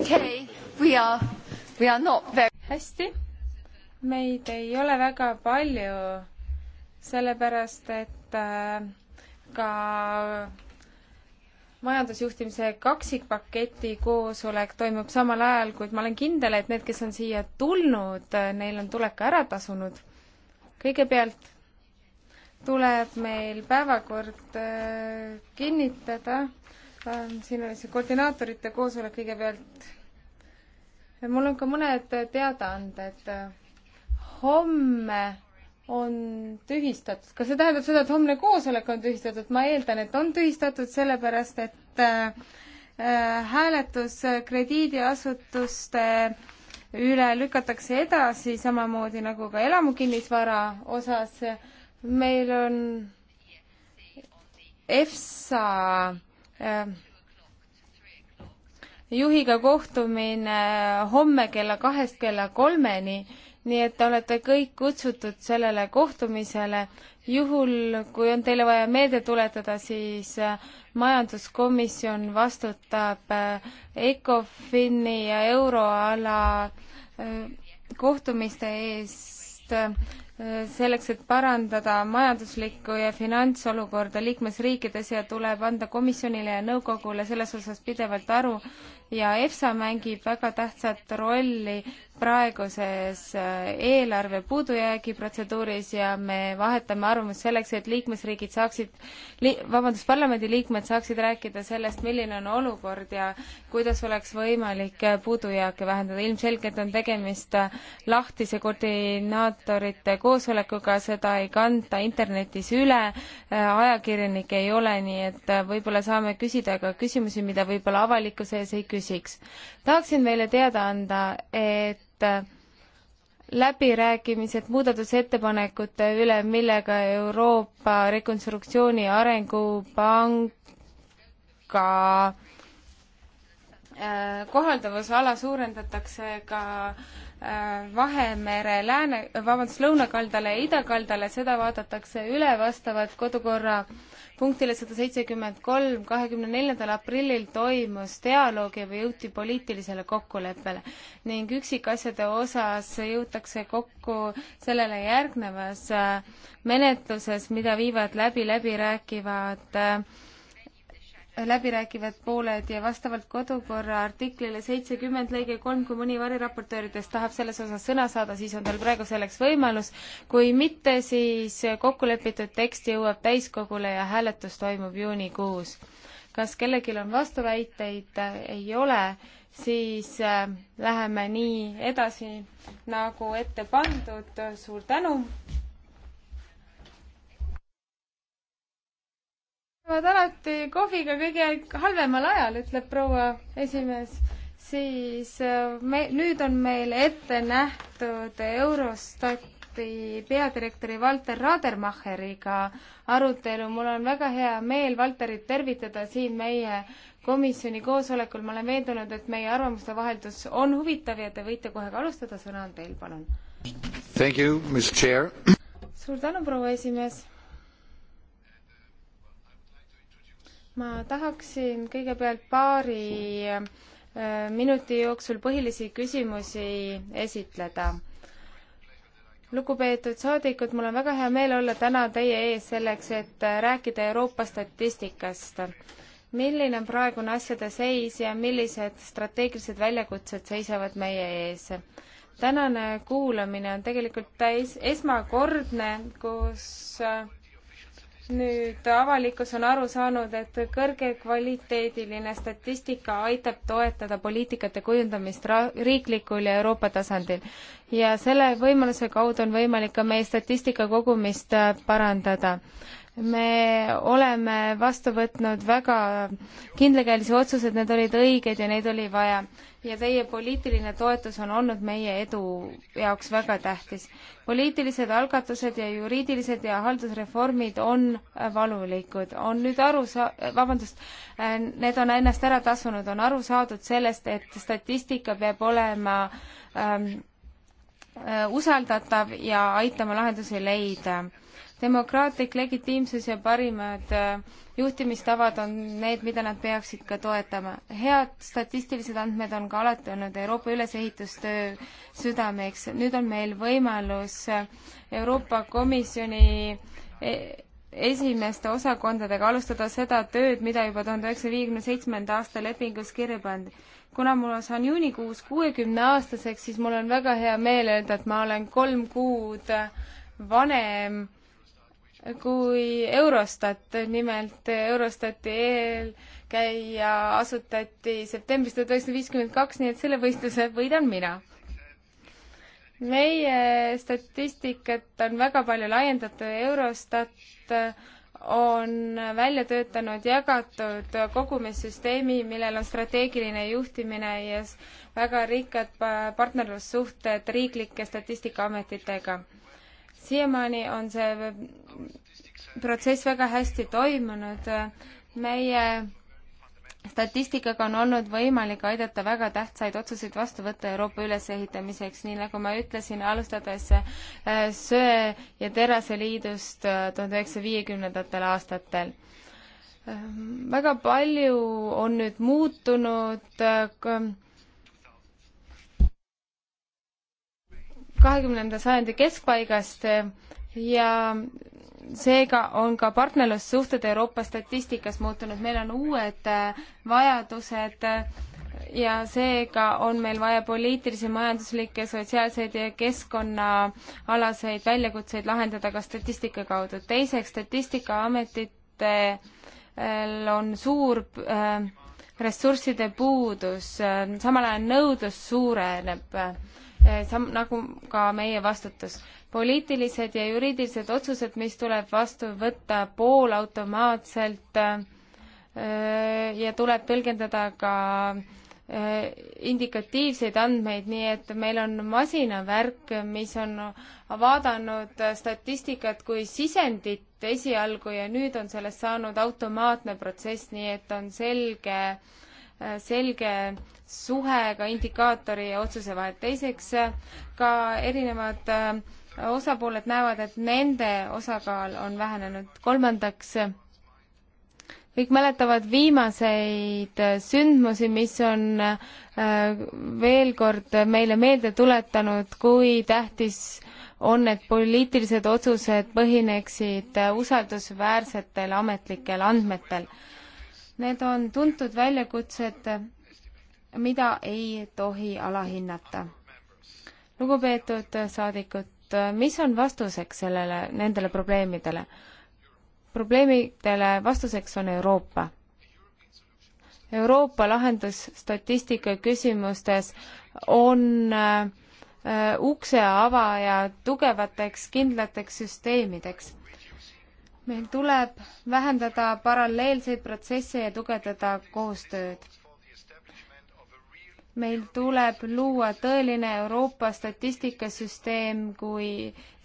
okay, we are, we are not very... hästi, meid ei ole väga palju, sellepärast et äh, ka majandusjuhtimise kaksikpaketi koosolek toimub samal ajal, kuid ma olen kindel, et need, kes on siia tulnud, neil on tulek ka ära tasunud. kõigepealt tuleb meil päevakord äh, kinnitada Äh, siin oli see koordinaatorite koosolek kõigepealt. mul on ka mõned teadaanded. homme on tühistatud, kas see tähendab seda, et homne koosolek on tühistatud? ma eeldan, et on tühistatud, sellepärast et äh, äh hääletus krediidiasutuste üle lükatakse edasi, samamoodi nagu ka elamukinnisvara osas. meil on EFSA Äh, juhiga kohtumine homme kella kahest kella kolmeni, nii et te olete kõik kutsutud sellele kohtumisele. juhul, kui on teile vaja meelde tuletada, siis äh, majanduskomisjon vastutab äh, ECOFIN-i ja euroala kohtumiste eest selleks, et parandada majanduslikku ja finantsolukorda liikmesriikides ja tuleb anda komisjonile ja nõukogule selles osas pidevalt aru ja EFSA mängib väga tähtsat rolli praeguses äh, eelarve puudujäägi protseduuris ja me vahetame arvamust selleks, et liikmesriigid saaksid li,, vabandust, parlamendiliikmed saaksid rääkida sellest, milline on olukord ja kuidas oleks võimalik äh, puudujääke vähendada. ilmselgelt on tegemist äh, lahtise koordinaatorite koosolekuga, seda ei kanta internetis üle, ajakirjanikke ei ole, nii et võib-olla saame küsida ka küsimusi, mida võib-olla avalikkuse ees ei küsiks. tahaksin meile teada anda, et et äh, läbirääkimised muudatusettepanekute üle, millega Euroopa Rekonstruktsiooni Arengupanka Äh, kohalduvusala suurendatakse ka äh, Vahemere lääne, vabandust, lõunakaldale ja idakaldale, seda vaadatakse üle vastavalt kodukorra punktile sada seitsekümmend kolm, kahekümne neljandal aprillil toimus dialoog ja jõuti poliitilisele kokkuleppele. ning üksikasjade osas jõutakse kokku sellele järgnevas äh, menetluses, mida viivad läbi läbirääkivad äh, läbirääkivad pooled ja vastavalt kodukorra artiklile seitsekümmend lõige kolm, kui mõni variraportööridest tahab selles osas sõna saada, siis on tal praegu selleks võimalus. kui mitte, siis kokkulepitud tekst jõuab täiskogule ja hääletus toimub juunikuus. kas kellelgi on vastuväiteid? ei ole, siis äh, läheme nii edasi, nagu ette pandud. suur tänu! peavad alati kohviga kõige halvemal ajal, ütleb proua esimees, siis äh, me, nüüd on meil ette nähtud Eurostati peadirektori Valter Radermacheriga arutelu. mul on väga hea meel Valterit tervitada siin meie komisjoni koosolekul. ma olen veendunud, et meie arvamuste vaheldus on huvitav ja te võite kohe ka alustada, sõna on teil, palun. suur tänu, proua esimees ma tahaksin kõigepealt paari äh, minuti jooksul põhilisi küsimusi esitleda. lugupeetud saadikud, mul on väga hea meel olla täna teie ees selleks, et äh, rääkida Euroopa statistikast. milline on praegune asjade seis ja millised strateegilised väljakutsed seisavad meie ees? tänane kuulamine on tegelikult täis esmakordne, kus äh, nüüd avalikkus on aru saanud, et kõrgekvaliteediline statistika aitab toetada poliitikate kujundamist riiklikul ja Euroopa tasandil. ja selle võimaluse kaudu on võimalik ka meie statistika kogumist äh, parandada me oleme vastu võtnud väga kindlakäelisi otsuseid, need olid õiged ja neid oli vaja. ja teie poliitiline toetus on olnud meie edu jaoks väga tähtis. poliitilised algatused ja juriidilised ja haldusreformid on valulikud, on nüüd aru sa-, vabandust, need on ennast ära tasunud, on aru saadud sellest, et statistika peab olema ähm, äh, usaldatav ja aitama lahendusi leida demokraatlik legitiimsus ja parimad äh, juhtimistavad on need, mida nad peaksid ka toetama. head statistilised andmed on ka alati olnud Euroopa ülesehitustöö südameks. nüüd on meil võimalus äh, Euroopa Komisjoni e, esimeste osakondadega alustada seda tööd, mida juba tuhande üheksasaja viiekümne seitsmenda aasta lepingus kirja pandi. kuna mul saan juunikuus kuuekümneaastaseks, siis mul on väga hea meel öelda, et ma olen kolm kuud äh, vanem kui Eurostat, nimelt Eurostati eelkäija asutati septembris tuhat üheksasada viiskümmend kaks, nii et selle võistluse võidan mina. meie statistikat on väga palju laiendatud, Eurostat on välja töötanud jagatud kogumissüsteemi, millel on strateegiline juhtimine ja väga rikkad partnerlussuhted riiklike statistikaametitega siiamaani on see protsess väga hästi toimunud. meie statistikaga on olnud võimalik aidata väga tähtsaid otsuseid vastu võtta Euroopa ülesehitamiseks, nii nagu ma ütlesin, alustades äh, söe- ja teraseliidust äh, tuhande üheksasaja viiekümnendatel aastatel. Äh, väga palju on nüüd muutunud kahekümnenda sajandi keskpaigast eh, ja seega on ka partnerlussuhted Euroopa statistikas muutunud, meil on uued eh, vajadused eh, ja seega on meil vaja poliitilisi, majanduslikke, sotsiaalseid ja keskkonnaalaseid väljakutseid lahendada ka statistika kaudu. teiseks, Statistikaametitel on suur ressursside puudus, samal ajal nõudlus suureneb Eh, sam-, nagu ka meie vastutus. poliitilised ja juriidilised otsused, mis tuleb vastu võtta poolautomaatselt eh, ja tuleb tõlgendada ka eh, indikatiivseid andmeid, nii et meil on masinavärk, mis on vaadanud statistikat kui sisendit esialgu ja nüüd on sellest saanud automaatne protsess, nii et on selge äh, selge suhe ka indikaatori ja otsuse vahel. teiseks, ka erinevad äh, osapooled näevad, et nende osakaal on vähenenud. kolmandaks, kõik mäletavad viimaseid äh, sündmusi, mis on äh, veel kord meile meelde tuletanud, kui tähtis on, et poliitilised otsused põhineksid usaldusväärsetel ametlikel andmetel Need on tuntud väljakutsed, mida ei tohi alahinnata. lugupeetud saadikud, mis on vastuseks sellele, nendele probleemidele? probleemidele vastuseks on Euroopa. Euroopa lahendus statistika küsimustes on äh, ukse avaja tugevateks kindlateks süsteemideks meil tuleb vähendada paralleelseid protsesse ja tugevdada koostööd. meil tuleb luua tõeline Euroopa statistikasüsteem kui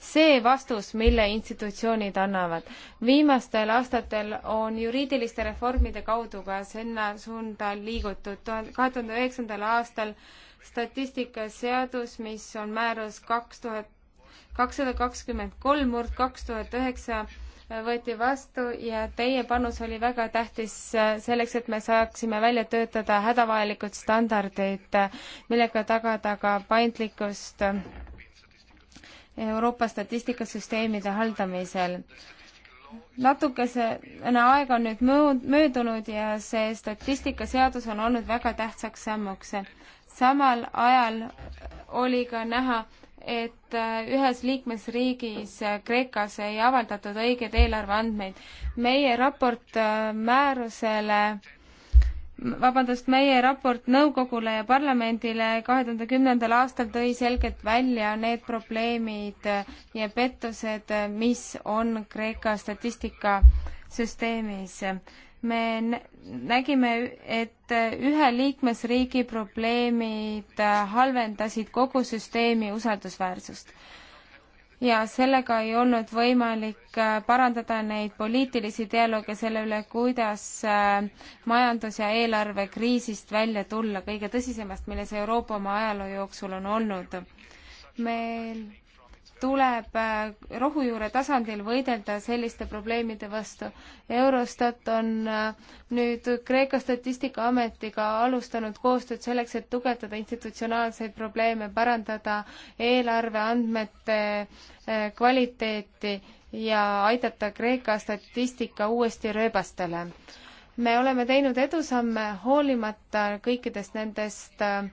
see vastus, mille institutsioonid annavad. viimastel aastatel on juriidiliste reformide kaudu ka sinna suunda liigutud. kahe tuhande üheksandal aastal statistikaseadus, mis on määrus kaks tuhat kakssada kakskümmend kolm murd kaks tuhat üheksa võeti vastu ja teie panus oli väga tähtis äh, selleks, et me saaksime välja töötada hädavajalikud standardid, äh, millega tagada ka paindlikkust äh, Euroopa statistikasüsteemide haldamisel natukesene aeg on nüüd möödunud ja see statistikaseadus on olnud väga tähtsaks sammuks. samal ajal oli ka näha, et äh, ühes liikmesriigis, äh, Kreekas, ei avaldatud õigeid eelarveandmeid. meie raport äh, määrusele vabandust, meie raport nõukogule ja parlamendile kahe tuhande kümnendal aastal tõi selgelt välja need probleemid ja pettused, mis on Kreeka statistikasüsteemis me nägime, et ühe liikmesriigi probleemid äh, halvendasid kogu süsteemi usaldusväärsust. ja sellega ei olnud võimalik äh, parandada neid poliitilisi dialoogi selle üle, kuidas äh, majandus- ja eelarvekriisist välja tulla, kõige tõsisemast, milles Euroopa oma ajaloo jooksul on olnud. meil tuleb äh, rohujuure tasandil võidelda selliste probleemide vastu. Eurostat on äh, nüüd Kreeka statistikaametiga alustanud koostööd selleks, et tugevdada institutsionaalseid probleeme, parandada eelarveandmete äh, kvaliteeti ja aidata Kreeka statistika uuesti rööbastele. me oleme teinud edusamme hoolimata kõikidest nendest äh,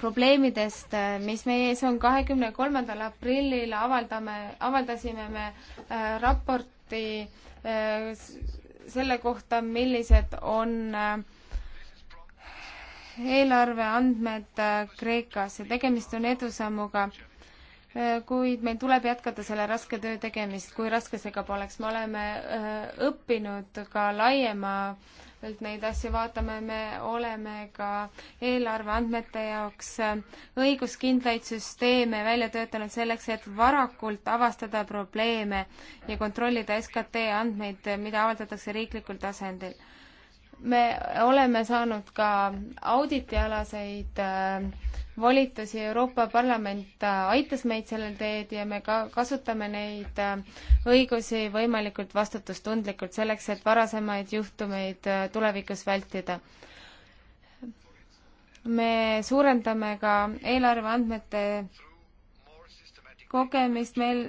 probleemidest, mis meie ees on. kahekümne kolmandal aprillil avaldame, avaldasime me äh, raporti äh, selle kohta, millised on äh, eelarveandmed äh, Kreekas ja tegemist on edusammuga, äh, kuid meil tuleb jätkata selle raske töö tegemist, kui raske see ka poleks. me oleme äh, õppinud ka laiema äh, nüüd neid asju vaatame, me oleme ka eelarveandmete jaoks õiguskindlaid süsteeme välja töötanud selleks, et varakult avastada probleeme ja kontrollida SKT andmeid, mida avaldatakse riiklikul tasandil me oleme saanud ka auditialaseid äh, volitusi, Euroopa Parlament äh, aitas meid sellel teed ja me ka kasutame neid äh, õigusi võimalikult vastutustundlikult selleks, et varasemaid juhtumeid tulevikus vältida. me suurendame ka eelarveandmete kogemist, meil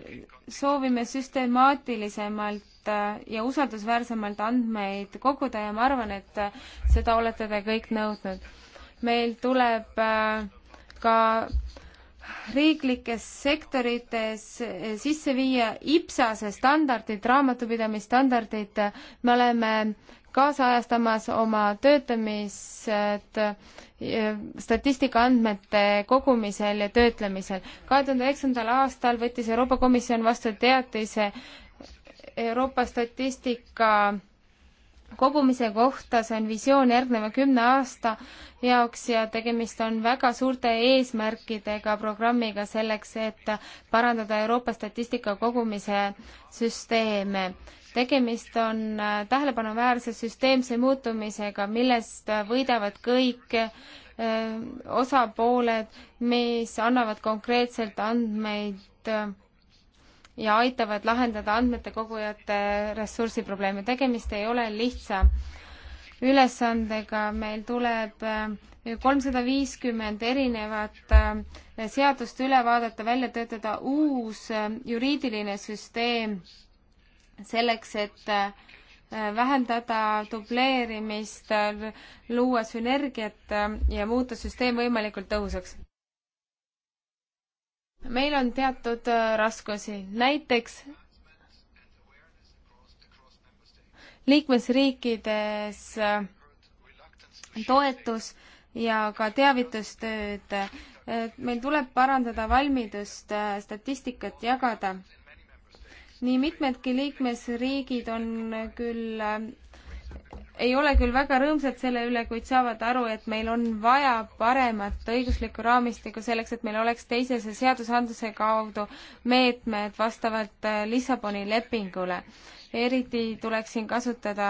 soovime süstemaatilisemalt äh, ja usaldusväärsemalt andmeid koguda ja ma arvan, et äh, seda olete te kõik nõudnud. meil tuleb äh, ka riiklikes sektorites sisse viia IPSASe standardid, raamatupidamisstandardid, me oleme kaasajastamas oma töötamised eh, statistikaandmete kogumisel ja töötlemisel. kahe tuhande üheksandal aastal võttis Euroopa Komisjon vastu teatise Euroopa statistika kogumise kohta, see on visioon järgneva kümne aasta jaoks ja tegemist on väga suurte eesmärkidega programmiga selleks, et parandada Euroopa statistika kogumise süsteeme. tegemist on äh, tähelepanuväärse süsteemse muutumisega, millest võidavad kõik äh, osapooled, mis annavad konkreetselt andmeid äh, ja aitavad lahendada andmete kogujate ressursiprobleeme. tegemist ei ole lihtsa ülesandega, meil tuleb äh, kolmsada viiskümmend erinevat äh, seadust üle vaadata, välja töötada uus äh, juriidiline süsteem selleks, et vähendada dubleerimist, luua sünergiat ja muuta süsteem võimalikult tõhusaks meil on teatud äh, raskusi, näiteks liikmesriikides äh, toetus ja ka teavitustööd. Äh, meil tuleb parandada valmidust statistikat jagada. nii mitmedki liikmesriigid on küll ei ole küll väga rõõmsad selle üle, kuid saavad aru, et meil on vaja paremat õiguslikku raamistikku selleks, et meil oleks teisese seadusandluse kaudu meetmed vastavalt äh, Lissaboni lepingule. eriti tuleks siin kasutada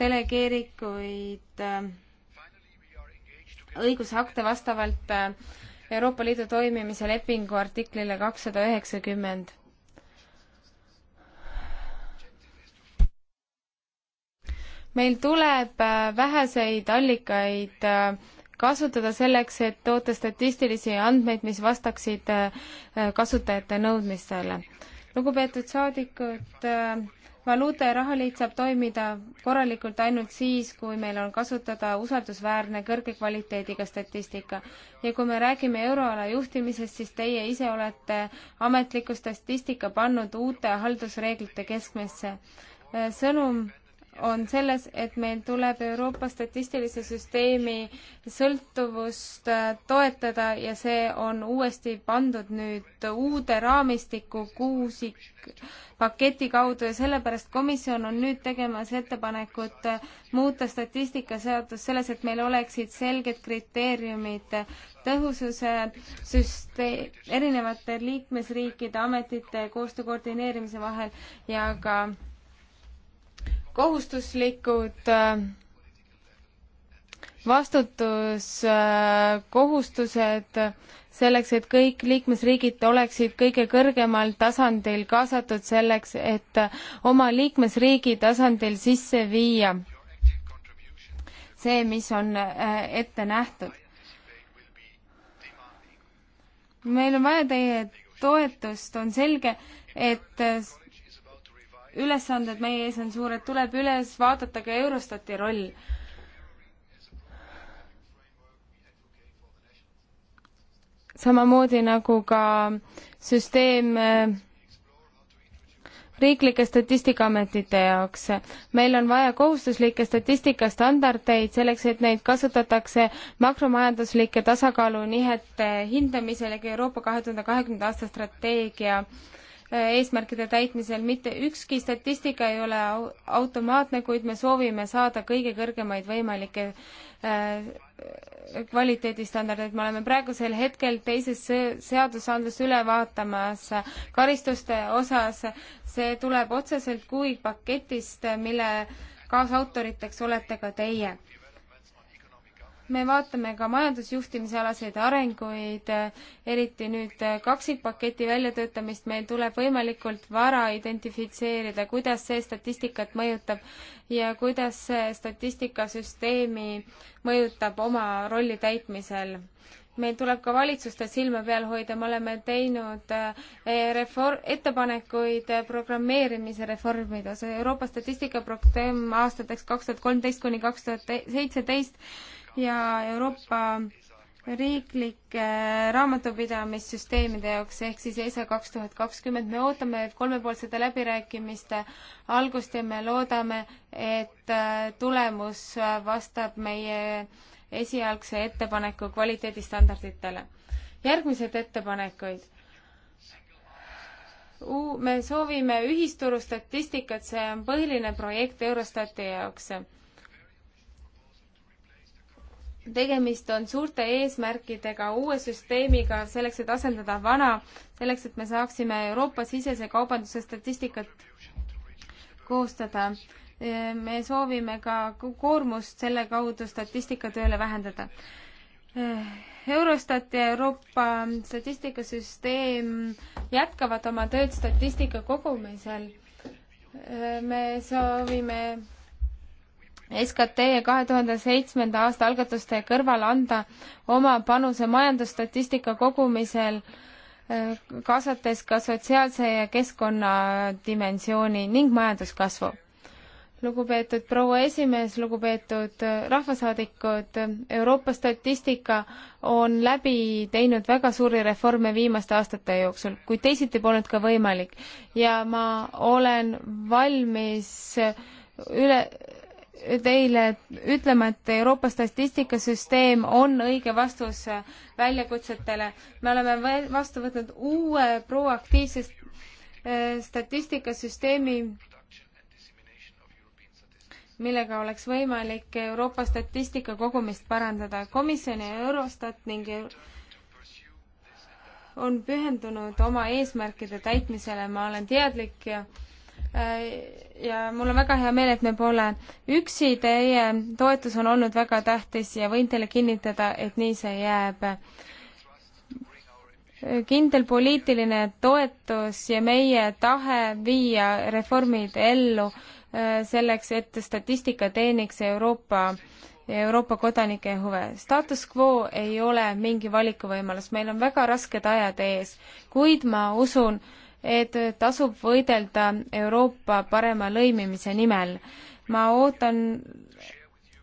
delegeerikuid äh, õigusakte vastavalt äh, Euroopa Liidu toimimise lepingu artiklile kakssada üheksakümmend meil tuleb äh, väheseid allikaid äh, kasutada selleks, et toota statistilisi andmeid, mis vastaksid äh, kasutajate nõudmistele. lugupeetud saadikud, valuuta ja rahaliit saab toimida korralikult ainult siis, kui meil on kasutada usaldusväärne kõrge kvaliteediga statistika. ja kui me räägime euroala juhtimisest, siis teie ise olete ametliku statistika pannud uute haldusreeglite keskmesse. sõnum on selles, et meil tuleb Euroopa statistilise süsteemi sõltuvust äh, toetada ja see on uuesti pandud nüüd uude raamistikku kuusi paketi kaudu ja sellepärast komisjon on nüüd tegemas ettepanekut äh, muuta statistikaseadus selles, et meil oleksid selged kriteeriumid tõhususe süste-, erinevate liikmesriikide ametite koostöö koordineerimise vahel ja ka kohustuslikud äh, vastutuskohustused äh, selleks, et kõik liikmesriigid oleksid kõige kõrgemal tasandil kaasatud selleks, et oma liikmesriigi tasandil sisse viia see, mis on äh, ette nähtud. meil on vaja teie toetust, on selge, et ülesanded meie ees on suured, tuleb üles vaadata ka Eurostati roll. samamoodi nagu ka süsteem äh, riiklike statistikaametite jaoks. meil on vaja kohustuslikke statistikastandardeid selleks, et neid kasutatakse makromajanduslike tasakaalunihete hindamisel ja ka Euroopa kahe tuhande kahekümnenda aasta strateegia äh, eesmärkide täitmisel, mitte ükski statistika ei ole automaatne, kuid me soovime saada kõige kõrgemaid võimalikke äh, kvaliteedistandardeid, me oleme praegusel hetkel teises seadusandlust üle vaatamas karistuste osas, see tuleb otseselt kui paketist, mille kaasautoriteks olete ka teie me vaatame ka majandusjuhtimise alaseid arenguid, eriti nüüd kaksikpaketi väljatöötamist, meil tuleb võimalikult vara identifitseerida, kuidas see statistikat mõjutab ja kuidas see statistikasüsteemi mõjutab oma rolli täitmisel meil tuleb ka valitsuste silma peal hoida, me oleme teinud eh, reform, ettepanekuid programmeerimise reformide osas, Euroopa statistikaprogramm aastateks kaks tuhat kolmteist kuni kaks tuhat seitseteist ja Euroopa riiklike raamatupidamissüsteemide jaoks ehk siis ESA kaks tuhat kakskümmend. me ootame kolmepoolsete läbirääkimiste algust ja me loodame, et äh, tulemus äh, vastab meie esialgse ettepaneku kvaliteedistandarditele. järgmised ettepanekuid. me soovime ühisturu statistikat, see on põhiline projekt Eurostati jaoks tegemist on suurte eesmärkidega, uue süsteemiga, selleks, et asendada vana, selleks, et me saaksime Euroopa-sisese kaubanduse statistikat koostada. me soovime ka koormust selle kaudu statistikatööle vähendada. Eurostat ja Euroopa statistikasüsteem jätkavad oma tööd statistika kogumisel. me soovime SKT kahe tuhande seitsmenda aasta algatuste kõrval anda oma panuse majandusstatistika kogumisel, eh, kaasates ka sotsiaalse ja keskkonnadimensiooni ning majanduskasvu. lugupeetud proua esimees, lugupeetud eh, rahvasaadikud, eh, Euroopa statistika on läbi teinud väga suuri reforme viimaste aastate jooksul, kuid teisiti polnud ka võimalik ja ma olen valmis üle teile ütlema, et Euroopa statistikasüsteem on õige vastus väljakutsetele. me oleme vastu võtnud uue proaktiivse eh, statistikasüsteemi, millega oleks võimalik Euroopa statistika kogumist parandada. komisjon ja Eurostat ning on pühendunud oma eesmärkide täitmisele, ma olen teadlik ja ja mul on väga hea meel, et me pole üksi, teie toetus on olnud väga tähtis ja võin teile kinnitada, et nii see jääb. kindel poliitiline toetus ja meie tahe viia reformid ellu äh, selleks, et statistika teeniks Euroopa Euroopa kodanike huve. Status quo ei ole mingi valikuvõimalus, meil on väga rasked ajad ees, kuid ma usun, et tasub võidelda Euroopa parema lõimimise nimel. ma ootan,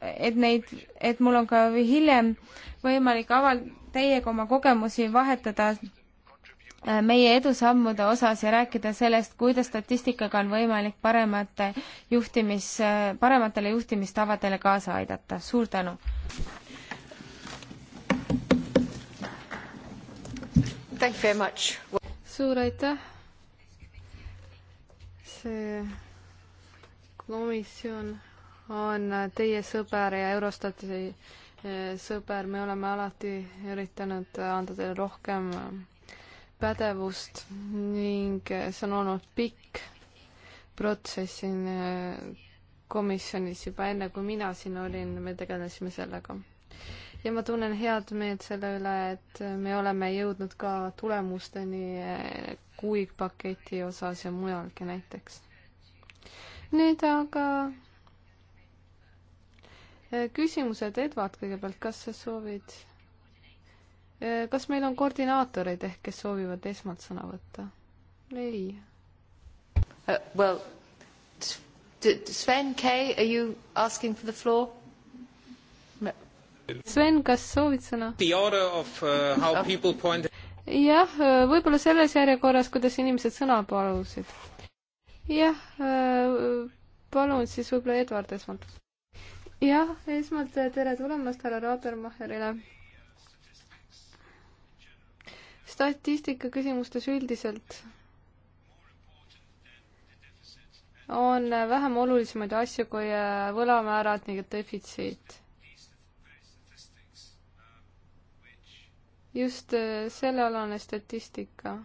et neid, et mul on ka hiljem võimalik aval-, teiega oma kogemusi vahetada äh, meie edusammude osas ja rääkida sellest, kuidas statistikaga on võimalik paremate juhtimis, parematele juhtimistavadele kaasa aidata. suur tänu! suur aitäh! see komisjon on teie sõber ja Eurostati eh, sõber, me oleme alati üritanud anda teile rohkem eh, pädevust ning eh, see on olnud pikk protsess siin komisjonis juba enne, kui mina siin olin, me tegelesime sellega ja ma tunnen head meelt selle üle, et me oleme jõudnud ka tulemusteni eh, kuigpaketi osas ja mujalgi näiteks. nüüd aga eh, küsimused, Edward kõigepealt, kas sa soovid, eh, kas meil on koordinaatoreid ehk, kes soovivad esmalt sõna võtta? ei uh,. Well, Sven K, are you asking for the floor? Sven, kas soovid sõna? Uh, jah, äh, võib-olla selles järjekorras, kuidas inimesed sõna palusid. jah, äh, palun siis võib-olla Eduard esmalt. jah, esmalt äh, tere tulemast härra Raadermacherile. statistika küsimustes üldiselt on vähem olulisemaid asju kui võlamäärad ning defitsiit just äh, sellealane statistika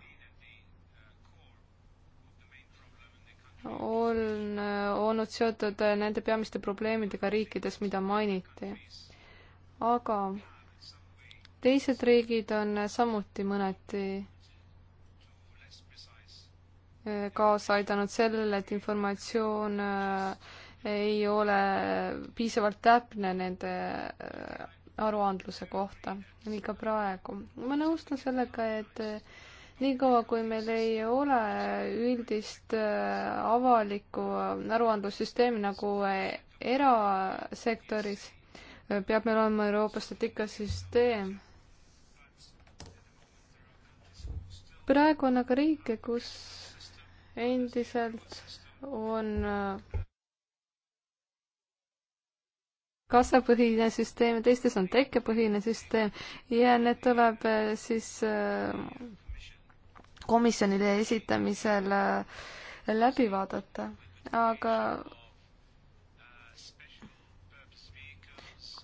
on äh, olnud seotud äh, nende peamiste probleemidega riikides, mida mainiti. aga teised riigid on samuti mõneti kaasa aidanud sellele, et informatsioon ei ole piisavalt täpne nende aruandluse kohta, nii ka praegu. ma nõustun sellega, et niikaua, kui meil ei ole üldist äh, avalikku aruandlussüsteemi nagu äh, erasektoris, äh, peab meil olema Euroopa statistikasüsteem. praegu on aga riike, kus endiselt on kassapõhine süsteem ja teistes on tekkepõhine süsteem ja need tuleb äh, siis äh, komisjonile esitamisel äh, läbi vaadata, aga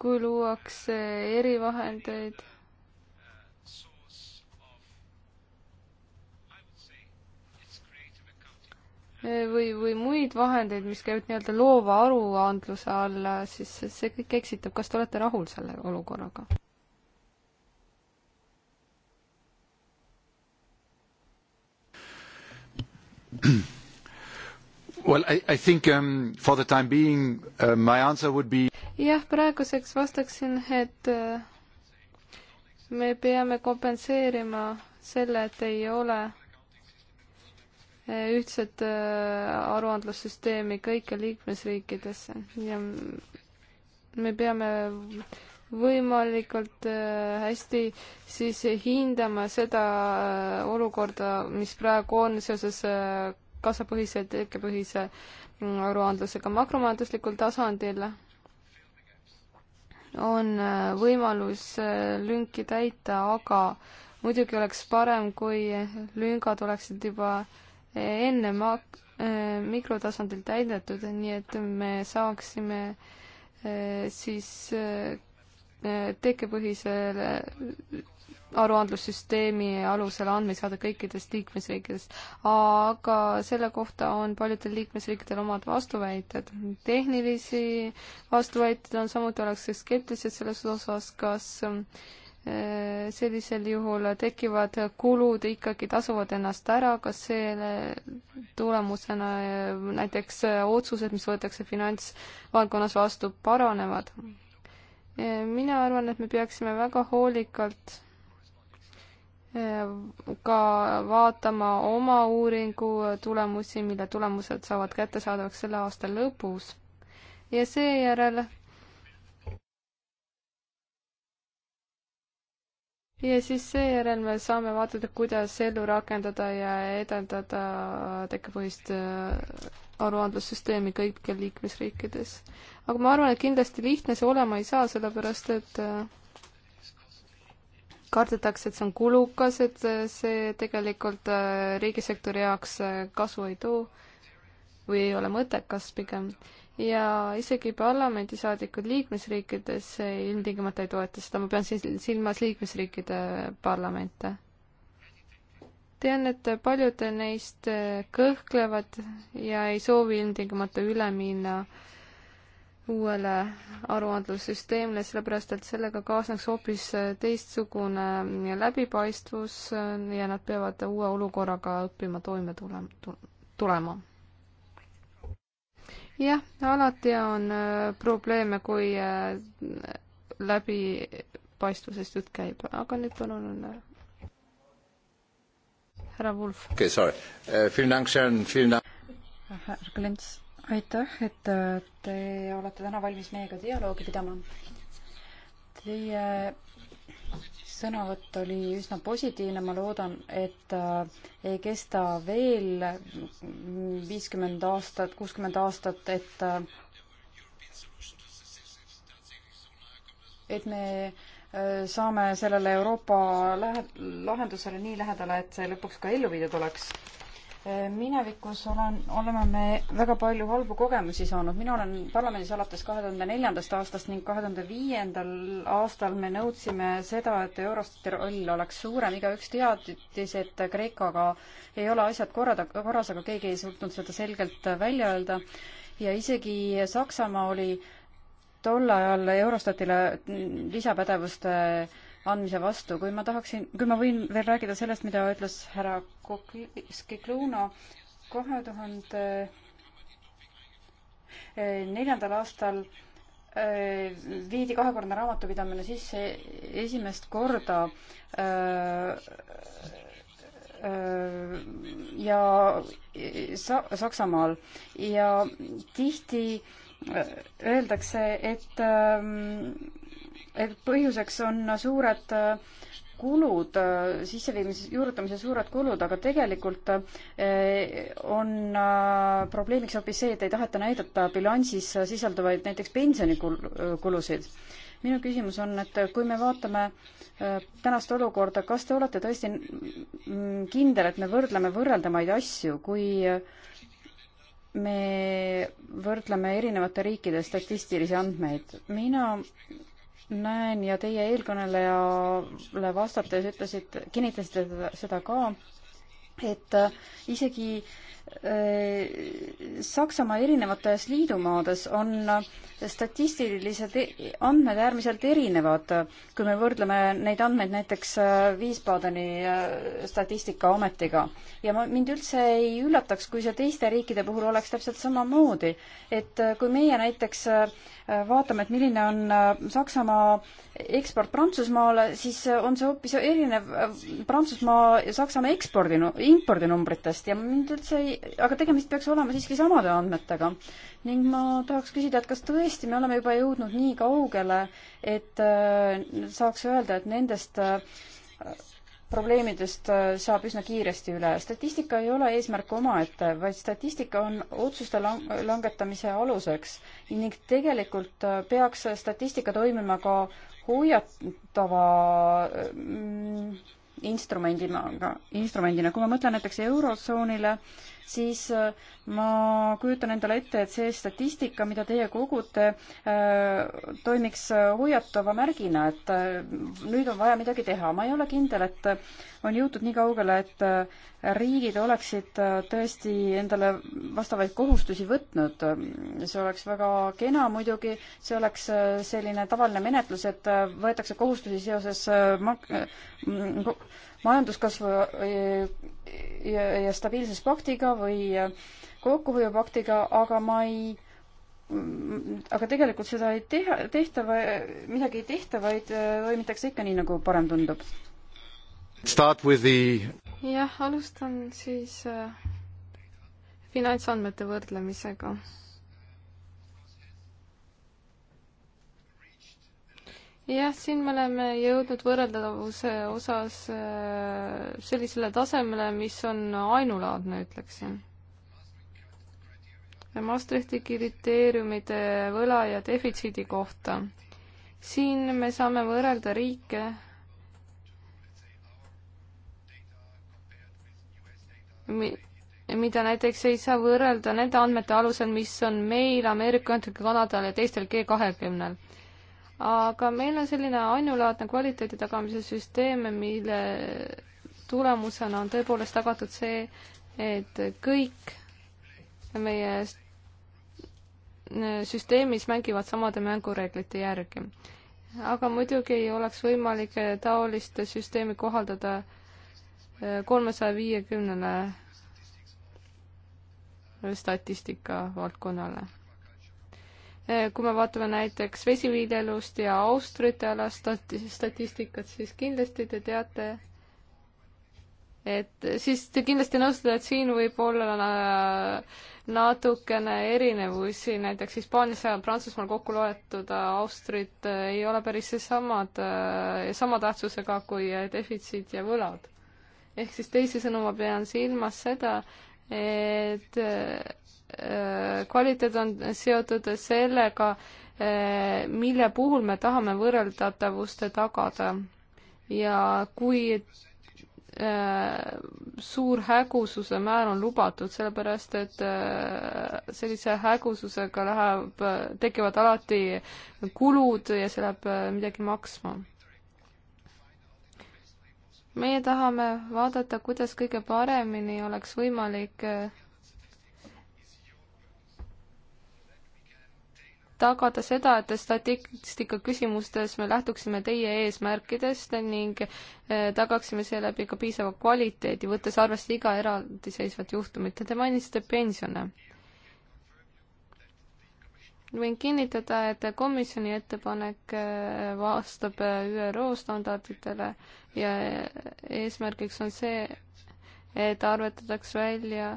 kui luuakse erivahendeid või, või muid vahendeid, mis käivad nii-öelda loova aruandluse alla, siis see kõik eksitab. kas te olete rahul selle olukorraga? Well, I, I think um, for the time being uh, my answer would be jah, praeguseks vastaksin, et uh, me peame kompenseerima selle, et ei ole ühtset äh, aruandlussüsteemi kõike liikmesriikidesse ja me peame võimalikult äh, hästi siis hindama seda äh, olukorda, mis praegu on seoses kassapõhise ja tekkepõhise mm, aruandlusega makromajanduslikul tasandil on võimalus lünki täita, aga muidugi oleks parem, kui lüngad oleksid juba äh, enne mak-, äh, mikrotasandil täidetud, nii et me saaksime äh, siis äh, tekkepõhisele aruandlussüsteemi alusel andmeid saada kõikidest liikmesriikidest. aga selle kohta on paljudel liikmesriikidel omad vastuväited. tehnilisi vastuväiteid on samuti, ollakse skeptilised selles osas, kas Äh, sellisel juhul tekivad kulud ikkagi tasuvad ennast ära, kas selle tulemusena äh, näiteks äh, otsused, mis võetakse finantsvaldkonnas vastu, paranevad? mina arvan, et me peaksime väga hoolikalt ka vaatama oma uuringu tulemusi, mille tulemused saavad kättesaadavaks selle aasta lõpus. ja seejärel ja siis seejärel me saame vaadata, kuidas ellu rakendada ja edendada tekkepõhist äh, aruandlussüsteemi kõikjal liikmesriikides. aga ma arvan, et kindlasti lihtne see olema ei saa, sellepärast et äh, kardetakse, et see on kulukas, et äh, see tegelikult riigisektori jaoks kasu ei too või ei ole mõttekas pigem ja isegi parlamendisaadikud liikmesriikides ilmtingimata ei toeta seda, ma pean silmas liikmesriikide parlamente. tean, et paljud neist kõhklevad ja ei soovi ilmtingimata üle minna uuele aruandlussüsteemile, sellepärast et sellega kaasneks hoopis teistsugune läbipaistvus ja nad peavad uue olukorraga õppima toime tulema, tulema jah, alati on äh, probleeme, kui äh, läbipaistvusest jutt käib, aga nüüd palun on härra Wulf. okei okay,, sorry uh,. Vielen Dank, Sharon, vielen Dank. härra Klints, aitäh, et te olete täna valmis meiega dialoogi pidama. Teie sõnavõtt oli üsna positiivne, ma loodan, et äh, ei kesta veel viiskümmend aastat, kuuskümmend aastat, et äh, et me äh, saame sellele Euroopa lähe-, lahendusele nii lähedale, et see lõpuks ka ellu viidud oleks minevikus olen, oleme me väga palju halbu kogemusi saanud. mina olen parlamendis alates kahe tuhande neljandast aastast ning kahe tuhande viiendal aastal me nõudsime seda, et Eurostati roll oleks suurem. igaüks teadis, et Kreekaga ei ole asjad korrada, korras, aga keegi ei suutnud seda selgelt välja öelda. ja isegi Saksamaa oli tol ajal Eurostatile lisapädevuste äh, andmise vastu. kui ma tahaksin, kui ma võin veel rääkida sellest, mida ütles härra Skikluna kahe tuhande eh, neljandal aastal eh, viidi kahekordne raamatupidamine sisse esimest korda eh, ja Sa-, Saksamaal ja tihti öeldakse, et ehm, et põhjuseks on suured äh, kulud, äh, sisseviimise, juurutamise suured kulud, aga tegelikult äh, on probleemiks hoopis see, et ei taheta näidata bilansis sisalduvaid näiteks pensionikulusid. minu küsimus on, et kui me vaatame tänast olukorda, kas te olete tõesti mm, kindel, et me võrdleme võrreldamaid asju, kui me võrdleme erinevate riikide statistilisi andmeid. mina näen ja teie eelkõnelejale vastates ütlesite, kinnitasite seda ka, et äh, isegi äh, Saksamaa erinevates liidumaades on äh, statistilised e-, andmed äärmiselt erinevad, kui me võrdleme neid andmeid näiteks Wiesbadeni statistikaametiga. ja ma, mind üldse ei üllataks, kui see teiste riikide puhul oleks täpselt samamoodi. et kui meie näiteks vaatame, et milline on Saksamaa eksport Prantsusmaale, siis on see hoopis erinev Prantsusmaa ja Saksamaa ekspordi, impordinumbritest ja mind üldse ei, aga tegemist peaks olema siiski samade andmetega. ning ma tahaks küsida, et kas tõesti me oleme juba jõudnud nii kaugele, et äh, saaks öelda, et nendest äh, probleemidest äh, saab üsna kiiresti üle. statistika ei ole eesmärk omaette, vaid statistika on otsuste lang langetamise aluseks ning tegelikult peaks statistika toimima ka hoiatava mm, instrumendina, instrumendina, kui ma mõtlen näiteks Eurotsoonile, siis äh, ma kujutan endale ette, et see statistika, mida teie kogute, äh, toimiks äh, hoiatava märgina, et nüüd on vaja midagi teha. ma ei ole kindel, et on jõutud nii kaugele, et riigid oleksid tõesti endale vastavaid kohustusi võtnud. see oleks väga kena muidugi, see oleks selline tavaline menetlus, et võetakse kohustusi seoses mak-, majanduskasvu ja, ja stabiilsuspaktiga või kokkuhoiupaktiga, aga ma ei, aga tegelikult seda ei teha, tehta või midagi ei tehta, vaid toimitakse ikka nii, nagu parem tundub. jah, alustan siis äh, finantsandmete võrdlemisega jah, siin me oleme jõudnud võrreldavuse osas äh, sellisele tasemele, mis on ainulaadne, ütleksin. Maastrichti kriteeriumide võla ja defitsiidi kohta. siin me saame võrrelda riike, mi-, mida näiteks ei saa võrrelda nende andmete alusel, mis on meil, Ameerika Ühendriikide, Kanadal ja teistel G kahekümnel aga meil on selline ainulaadne kvaliteedi tagamise süsteem, mille tulemusena on tõepoolest tagatud see, et kõik meie süsteemis mängivad samade mängureeglite järgi. aga muidugi ei oleks võimalik taolist süsteemi kohaldada eh, kolmesaja viiekümnele statistika valdkonnale Eh, kui me vaatame näiteks vesiviljelust ja austrite alast statistikat, siis kindlasti te teate, et siis te kindlasti nõustute, et siin võib olla äh, natukene erinevusi, näiteks Hispaanias ja Prantsusmaal kokku loetud äh, austrid äh, ei ole päris samad, sama tähtsusega kui defitsiit ja võlad. ehk siis teisisõnu ma pean silmas seda, et Äh, kvaliteet on seotud sellega, äh, mille puhul me tahame võrreldatavust tagada ja kui äh, suur hägususe määr on lubatud, sellepärast et sellise hägususega läheb, tekivad alati kulud ja see läheb midagi maksma. meie tahame vaadata, kuidas kõige paremini oleks võimalik tagada seda, et statistika küsimustes me lähtuksime teie eesmärkidest ning eh, tagaksime seeläbi ka piisava kvaliteedi, võttes arvesse iga eraldiseisvat juhtumit. Te mainisite pensione. võin kinnitada, et komisjoni ettepanek eh, vastab eh, ÜRO standarditele ja eesmärgiks on see, et arvetatakse välja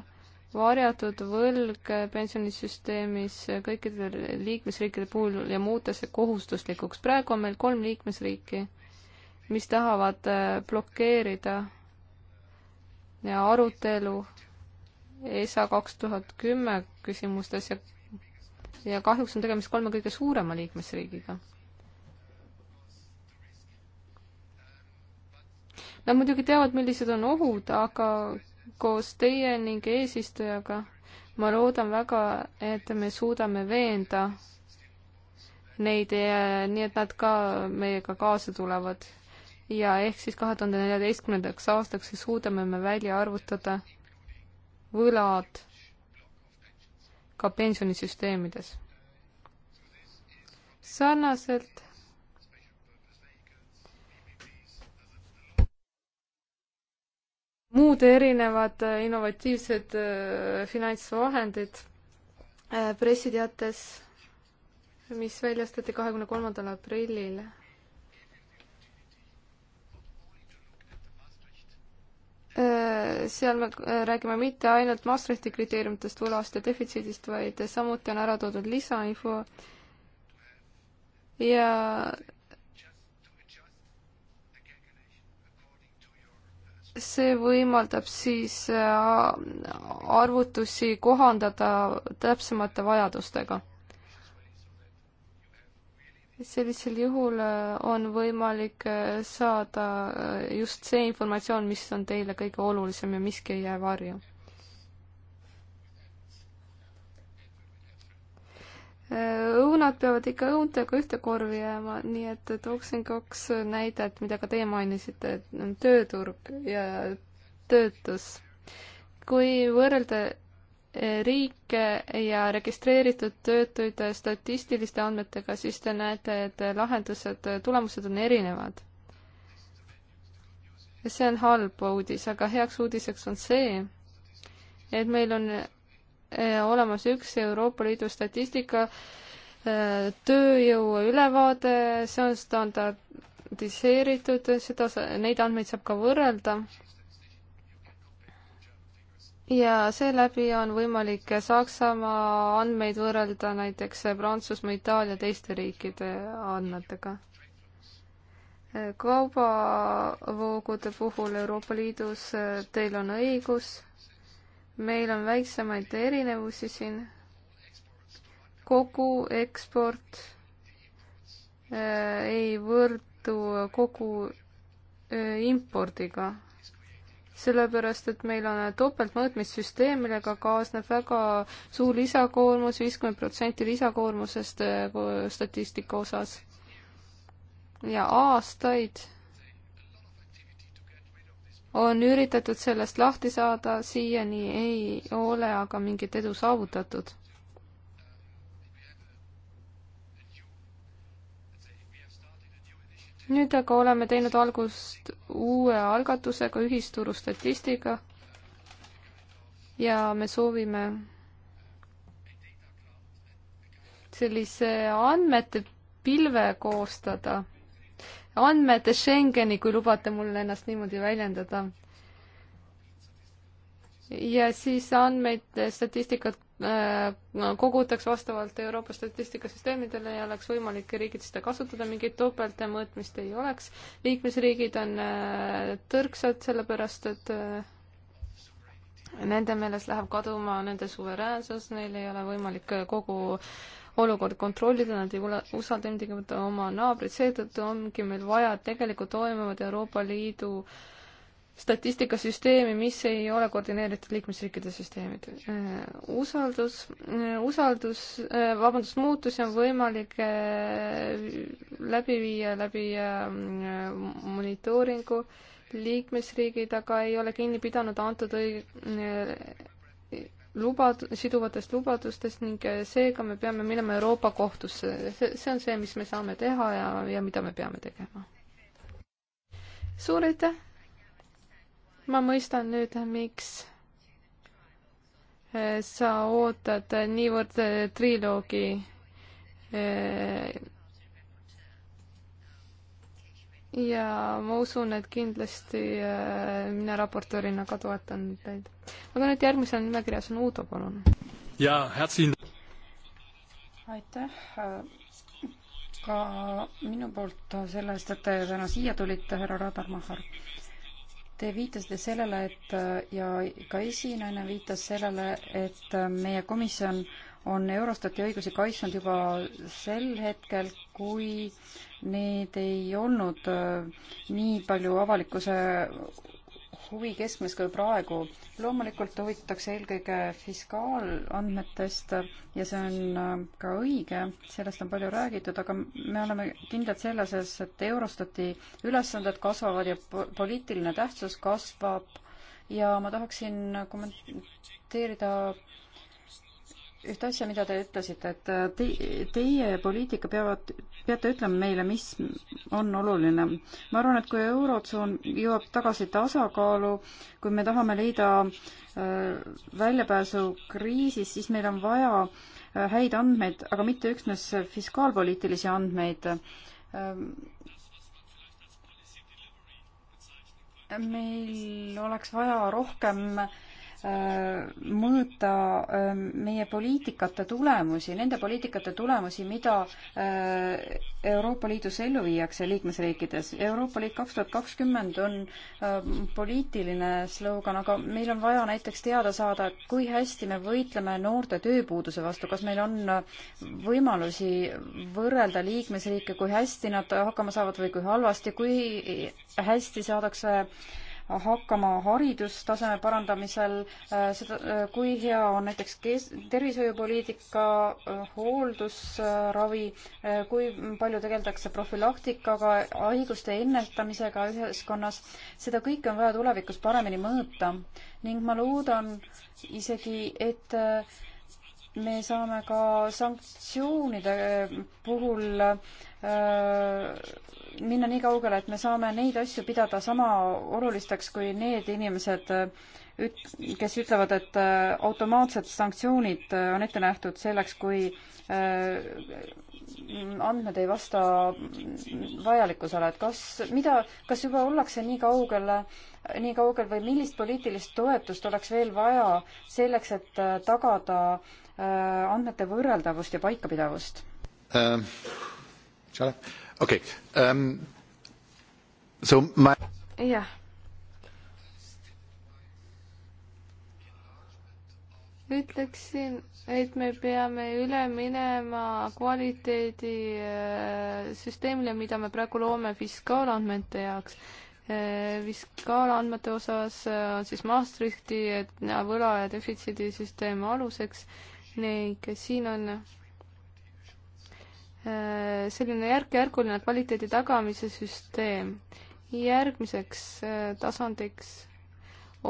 varjatud võlg pensionisüsteemis kõikide liikmesriikide puhul ja muuta see kohustuslikuks. praegu on meil kolm liikmesriiki, mis tahavad äh, blokeerida ja arutelu ESA kaks tuhat kümme küsimustes ja, ja kahjuks on tegemist kolme kõige suurema liikmesriigiga Nad muidugi teavad, millised on ohud, aga koos teie ning eesistujaga ma loodan väga, et me suudame veenda neid, nii et nad ka meiega kaasa tulevad. ja ehk siis kahe tuhande neljateistkümnendaks aastaks suudame me välja arvutada võlad ka pensionisüsteemides. sarnaselt muud erinevad äh, innovatiivsed äh, finantsvahendid äh, pressiteates, mis väljastati kahekümne kolmandal aprillil. seal me räägime mitte ainult Maastrichti kriteeriumitest, võlast ja defitsiidist, vaid samuti on ära toodud lisainfo ja see võimaldab siis äh, arvutusi kohandada täpsemate vajadustega. sellisel juhul äh, on võimalik äh, saada just see informatsioon, mis on teile kõige olulisem ja miski ei jää varju õunad peavad ikka õuntega ühte korvi jääma, nii et tooksin kaks näidet, mida ka teie mainisite, tööturg ja töötus. kui võrrelda eh, riike ja registreeritud töötuid statistiliste andmetega, siis te näete, et lahendused, tulemused on erinevad. see on halb uudis, aga heaks uudiseks on see, et meil on Eh, olemas üks Euroopa Liidu statistika eh, tööjõu ülevaade, see on standardiseeritud, seda, neid andmeid saab ka võrrelda. ja seeläbi on võimalik Saksamaa andmeid võrrelda näiteks Prantsusmaa, Itaalia, teiste riikide andmetega. Eh, kaubavoogude puhul Euroopa Liidus teil on õigus meil on väiksemaid erinevusi siin. kogu eksport äh, ei võrdu kogu äh, impordiga, sellepärast et meil on topeltmõõtmissüsteem, millega kaasneb väga suur lisakoormus, viiskümmend protsenti lisakoormusest äh, statistika osas ja aastaid on üritatud sellest lahti saada, siiani ei ole aga mingit edu saavutatud. nüüd aga oleme teinud algust uue algatusega, ühisturu statistika ja me soovime sellise andmete pilve koostada andmete Schengeni, kui lubate mul ennast niimoodi väljendada. ja siis andmeid, eh, statistikat eh, kogutakse vastavalt Euroopa statistikasüsteemidele ja oleks võimalik riigid seda kasutada, mingit topeltmõõtmist ei oleks. liikmesriigid on eh, tõrksad, sellepärast et nende meelest läheb kaduma nende suveräänsus, neil ei ole võimalik kogu olukorda kontrollida, nad ei usalda ilmtingimata oma naabreid, seetõttu ongi meil vaja tegelikult toimivat Euroopa Liidu statistikasüsteemi, mis ei ole koordineeritud liikmesriikide süsteemid. Äh, usaldus, äh, usaldus, äh, vabandust, muutusi on võimalik läbi viia läbi monitooringu, liikmesriigid aga ei ole kinni pidanud antud õig-, lubad-, siduvatest lubadustest ning eh, seega me peame minema Euroopa kohtusse. see, see on see, mis me saame teha ja, ja mida me peame tegema. suur aitäh! ma mõistan nüüd, miks eh, sa ootad niivõrd eh, triloogi ja ma usun, et kindlasti äh, mina raportöörina ka toetan teid. aga nüüd järgmisel nimekirjas on Uudo, palun. jaa, herzlichen aitäh ka minu poolt selle eest, et te täna siia tulite, härra Radarmahar. Te viitasite sellele, et ja ka esinaine viitas sellele, et meie komisjon on Eurostati õigusi kaitsnud juba sel hetkel, kui need ei olnud äh, nii palju avalikkuse huvi keskmes kui praegu. loomulikult huvitatakse eelkõige fiskaalandmetest ja see on äh, ka õige, sellest on palju räägitud, aga me oleme kindlad selles, et Eurostati ülesanded kasvavad ja poliitiline tähtsus kasvab ja ma tahaksin kommenteerida ühte asja, mida te ütlesite, et äh, te, teie poliitika peavad, peate ütlema meile, mis on oluline. ma arvan, et kui Eurotsoon jõuab tagasi tasakaalu, kui me tahame leida äh, väljapääsu kriisist, siis meil on vaja äh, häid andmeid, aga mitte üksnes fiskaalpoliitilisi andmeid. Ähm, meil oleks vaja rohkem äh, Äh, mõõta äh, meie poliitikate tulemusi, nende poliitikate tulemusi, mida äh, Euroopa Liidus ellu viiakse liikmesriikides. Euroopa Liit kaks tuhat kakskümmend on poliitiline slogan, aga meil on vaja näiteks teada saada, kui hästi me võitleme noorte tööpuuduse vastu, kas meil on võimalusi võrrelda liikmesriike, kui hästi nad hakkama saavad või kui halvasti, kui hästi saadakse hakkama haridustaseme parandamisel, äh, seda, äh, kui hea on näiteks kes-, tervishoiupoliitika, äh, hooldusravi, kui palju tegeldakse profülaktikaga, haiguste ennetamisega ühiskonnas, seda kõike on vaja tulevikus paremini mõõta ning ma loodan isegi, et me saame ka sanktsioonide puhul äh, minna nii kaugele, et me saame neid asju pidada sama olulisteks kui need inimesed, kes ütlevad, et äh, automaatsed sanktsioonid äh, on ette nähtud selleks, kui äh, andmed ei vasta vajalikkusele, et kas, mida, kas juba ollakse nii kaugele, nii kaugel või millist poliitilist toetust oleks veel vaja selleks, et tagada andmete võrreldavust ja paikapidavust ähm,? okei okay. um,. So my. jah. ütleksin, et me peame üle minema kvaliteedisüsteemile, äh, mida me praegu loome fiskaalandmete jaoks äh, fiskaalandmete osas äh, on siis Maastrichti võla ja defitsiidisüsteemi aluseks ning siin on Äh, selline järk-järguline kvaliteedi tagamise süsteem. järgmiseks äh, tasandiks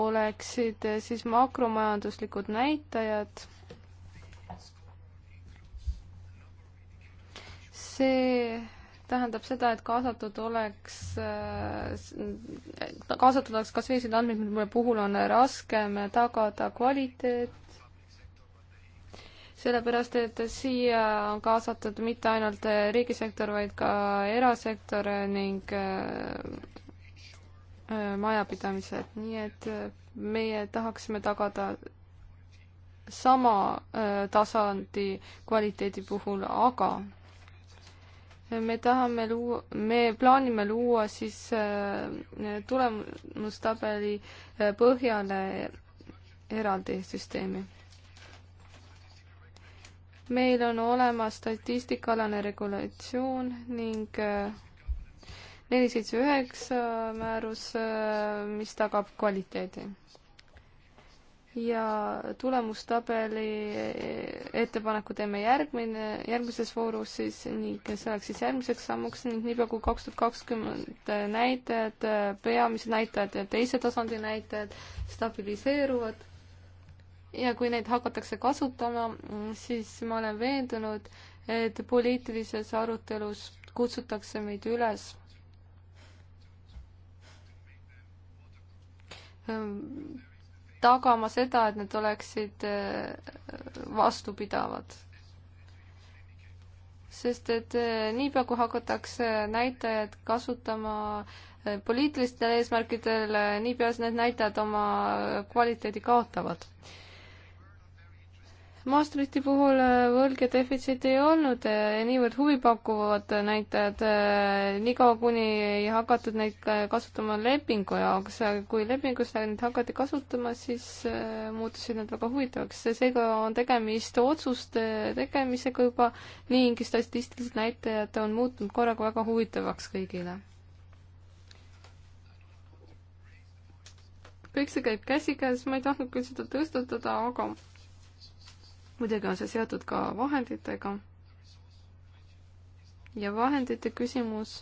oleksid äh, siis makromajanduslikud näitajad. see tähendab seda, et kaasatud oleks, kaasatud oleks kas või sellised andmed, mille puhul on raskem tagada kvaliteet, sellepärast, et siia on kaasatud mitte ainult riigisektor, vaid ka erasektor ning äh, äh, majapidamised, nii et äh, meie tahaksime tagada sama tasandi kvaliteedi puhul, aga me tahame luua, me plaanime luua siis tulemustabeli põhjale eraldi süsteemi meil on olemas statistikaalane regulatsioon ning äh, neli seitse üheksa määrus, äh, mis tagab kvaliteedi. ja tulemustabeli äh, ettepaneku teeme järgmine, järgmises voorus siis ning see oleks siis järgmiseks sammuks ning niipea kui kaks tuhat kakskümmend näitajad, peamised näitajad ja teise tasandi näitajad stabiliseeruvad ja kui neid hakatakse kasutama, siis ma olen veendunud, et poliitilises arutelus kutsutakse meid üles ähm, tagama seda, et need oleksid äh, vastupidavad. sest et äh, niipea, kui hakatakse näitajaid kasutama äh, poliitilistel eesmärkidel, niipea need näitajad oma kvaliteedi kaotavad Maastrichti puhul äh, võlg ja defitsiit ei olnud äh, niivõrd huvipakkuvad näitajad, äh, niikaua kuni ei hakatud neid kasutama lepingu jaoks, kui lepingus neid hakati kasutama, siis muutusid need väga huvitavaks. seega on tegemist otsuste tegemisega juba ning statistilised näitajad on muutunud korraga väga huvitavaks kõigile. kõik see käib käsikäes, ma ei tahtnud küll seda tõstatada, aga muidugi on see seotud ka vahenditega. ja vahendite küsimus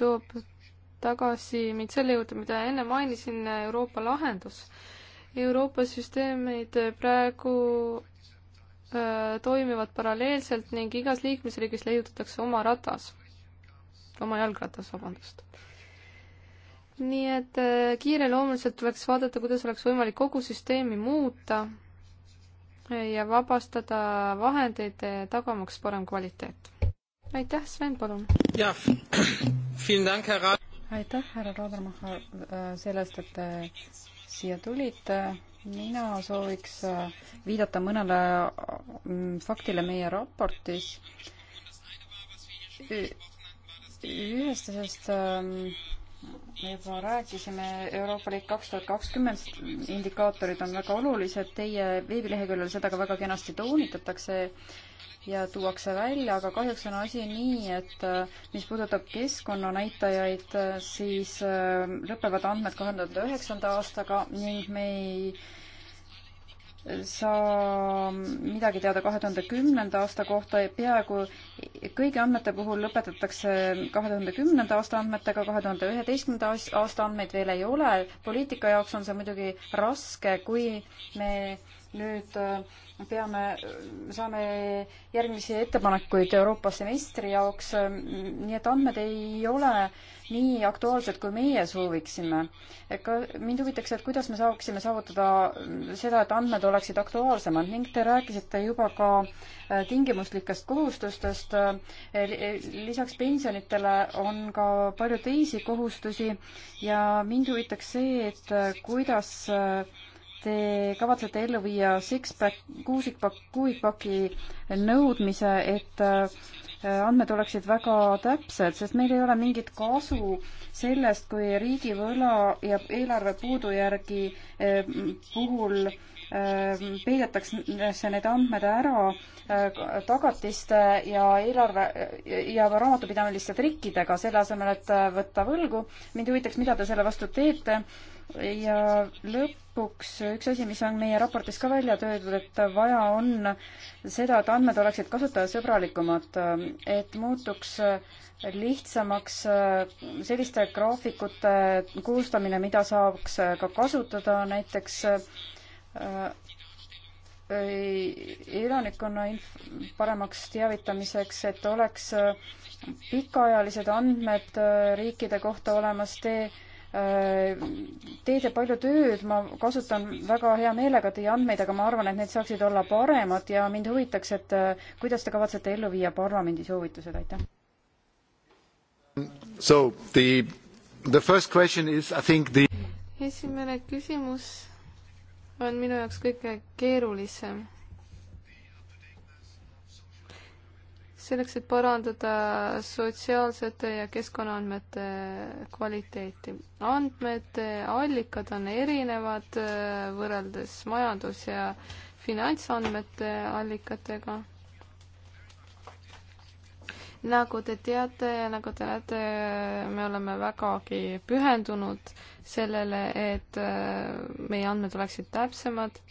toob tagasi mind selle juurde, mida enne mainisin, Euroopa lahendus. Euroopa süsteemid praegu öö, äh, toimivad paralleelselt ning igas liikmesriigis leiutatakse oma ratas, oma jalgratas, vabandust. nii et äh, kiireloomuliselt tuleks vaadata, kuidas oleks võimalik kogu süsteemi muuta ja vabastada vahendeid, eh, tagamaks parem kvaliteet. aitäh, Sven, palun! jah, aitäh, härra Rodermacher, äh, sellest, et te äh, siia tulite. mina sooviks äh, viidata mõnele mm, faktile meie raportis. ühest asjast ähm, juba rääkisime, Euroopa Liit kaks tuhat kakskümmend indikaatorid on väga olulised, teie veebileheküljel seda ka väga kenasti toonitatakse ja tuuakse välja, aga kahjuks on asi nii, et äh, mis puudutab keskkonnanäitajaid, äh, siis äh, lõpevad andmed kahe tuhande üheksanda aastaga ning me ei saa midagi teada kahe tuhande kümnenda aasta kohta ja peaaegu kõigi andmete puhul lõpetatakse kahe tuhande kümnenda aasta andmetega, kahe tuhande üheteistkümnenda aasta andmeid veel ei ole. poliitika jaoks on see muidugi raske, kui me nüüd äh, me peame, saame järgmisi ettepanekuid Euroopa semestri jaoks, nii et andmed ei ole nii aktuaalsed, kui meie sooviksime. ka mind huvitaks, et kuidas me saaksime saavutada seda, et andmed oleksid aktuaalsemad ning te rääkisite juba ka äh, tingimuslikest kohustustest. Äh, lisaks pensionitele on ka palju teisi kohustusi ja mind huvitaks see, et äh, kuidas te kavatsete ellu viia six-pack, kuusikpakk, kuuikpaki nõudmise, et äh, andmed oleksid väga täpsed, sest meil ei ole mingit kasu sellest, kui riigivõla ja eelarve puudujärgi äh, puhul äh, peidetakse need andmed ära tagatiste ja eelarve ja ka raamatupidamiliste trikkidega, selle asemel, et võtta võlgu. mind huvitaks, mida te selle vastu teete ja lõpuks üks asi, mis on meie raportis ka välja töötud, et vaja on seda, et andmed oleksid kasutajasõbralikumad, et muutuks lihtsamaks selliste graafikute koostamine, mida saaks ka kasutada näiteks äh, elanikkonna inf-, paremaks teavitamiseks, et oleks pikaajalised andmed äh, riikide kohta olemas, te Äh, teete palju tööd, ma kasutan väga hea meelega teie andmeid, aga ma arvan, et need saaksid olla paremad ja mind huvitaks, et äh, kuidas te kavatsete ellu viia parlamendi soovitused, aitäh. So the, the first question is I think the esimene küsimus on minu jaoks kõige keerulisem selleks, et parandada sotsiaalsete ja keskkonnaandmete kvaliteeti. andmete allikad on erinevad äh, võrreldes majandus- ja finantsandmete allikatega. nagu te teate ja nagu te näete, me oleme vägagi pühendunud sellele, et äh, meie andmed oleksid täpsemad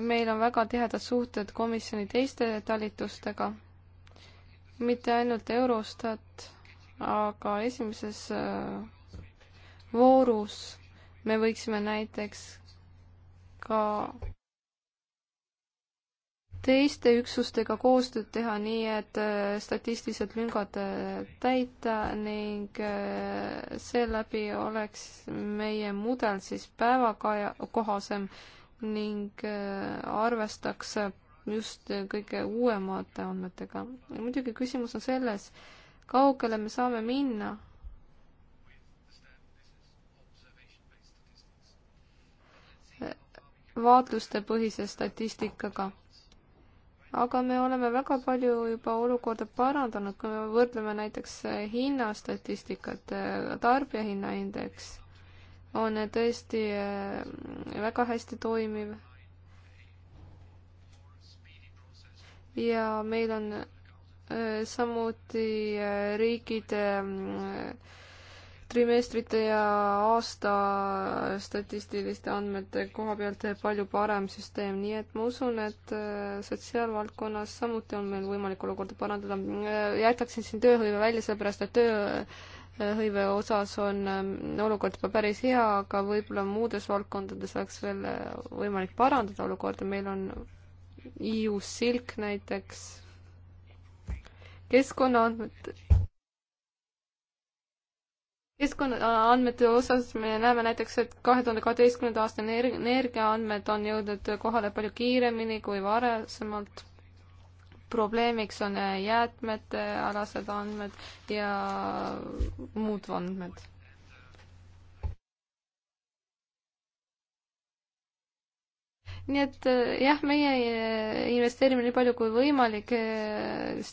meil on väga tihedad suhted komisjoni teiste talitustega, mitte ainult Eurostat, aga esimeses äh, voorus me võiksime näiteks ka teiste üksustega koostööd teha, nii et äh, statistilised lüngad äh, täita ning seeläbi oleks meie mudel siis päevakohasem ning äh, arvestaks äh, just kõige uuemate andmetega. ja muidugi küsimus on selles, kaugele me saame minna. vaatlustepõhise statistikaga. aga me oleme väga palju juba olukorda parandanud, kui me võrdleme näiteks äh, hinnastatistikat, tarbijahinnaindeks on tõesti äh, väga hästi toimiv. ja meil on äh, samuti äh, riikide ähm, trimestrite ja aasta statistiliste andmete koha pealt palju parem süsteem, nii et ma usun, et sotsiaalvaldkonnas samuti on meil võimalik olukorda parandada. jätaksin siin tööhõive välja, sellepärast et töö hõive osas on ähm, olukord juba päris hea, aga võib-olla muudes valdkondades oleks veel äh, võimalik parandada olukorda, meil on EU Silk näiteks, keskkonnaandmed, keskkonnaandmete osas me näeme näiteks, et kahe tuhande kaheteistkümnenda aasta energiaandmed on jõudnud kohale palju kiiremini kui varasemalt probleemiks on äh, jäätmete äh, alased andmed ja muud andmed nii et äh, jah, meie investeerime nii palju kui võimalik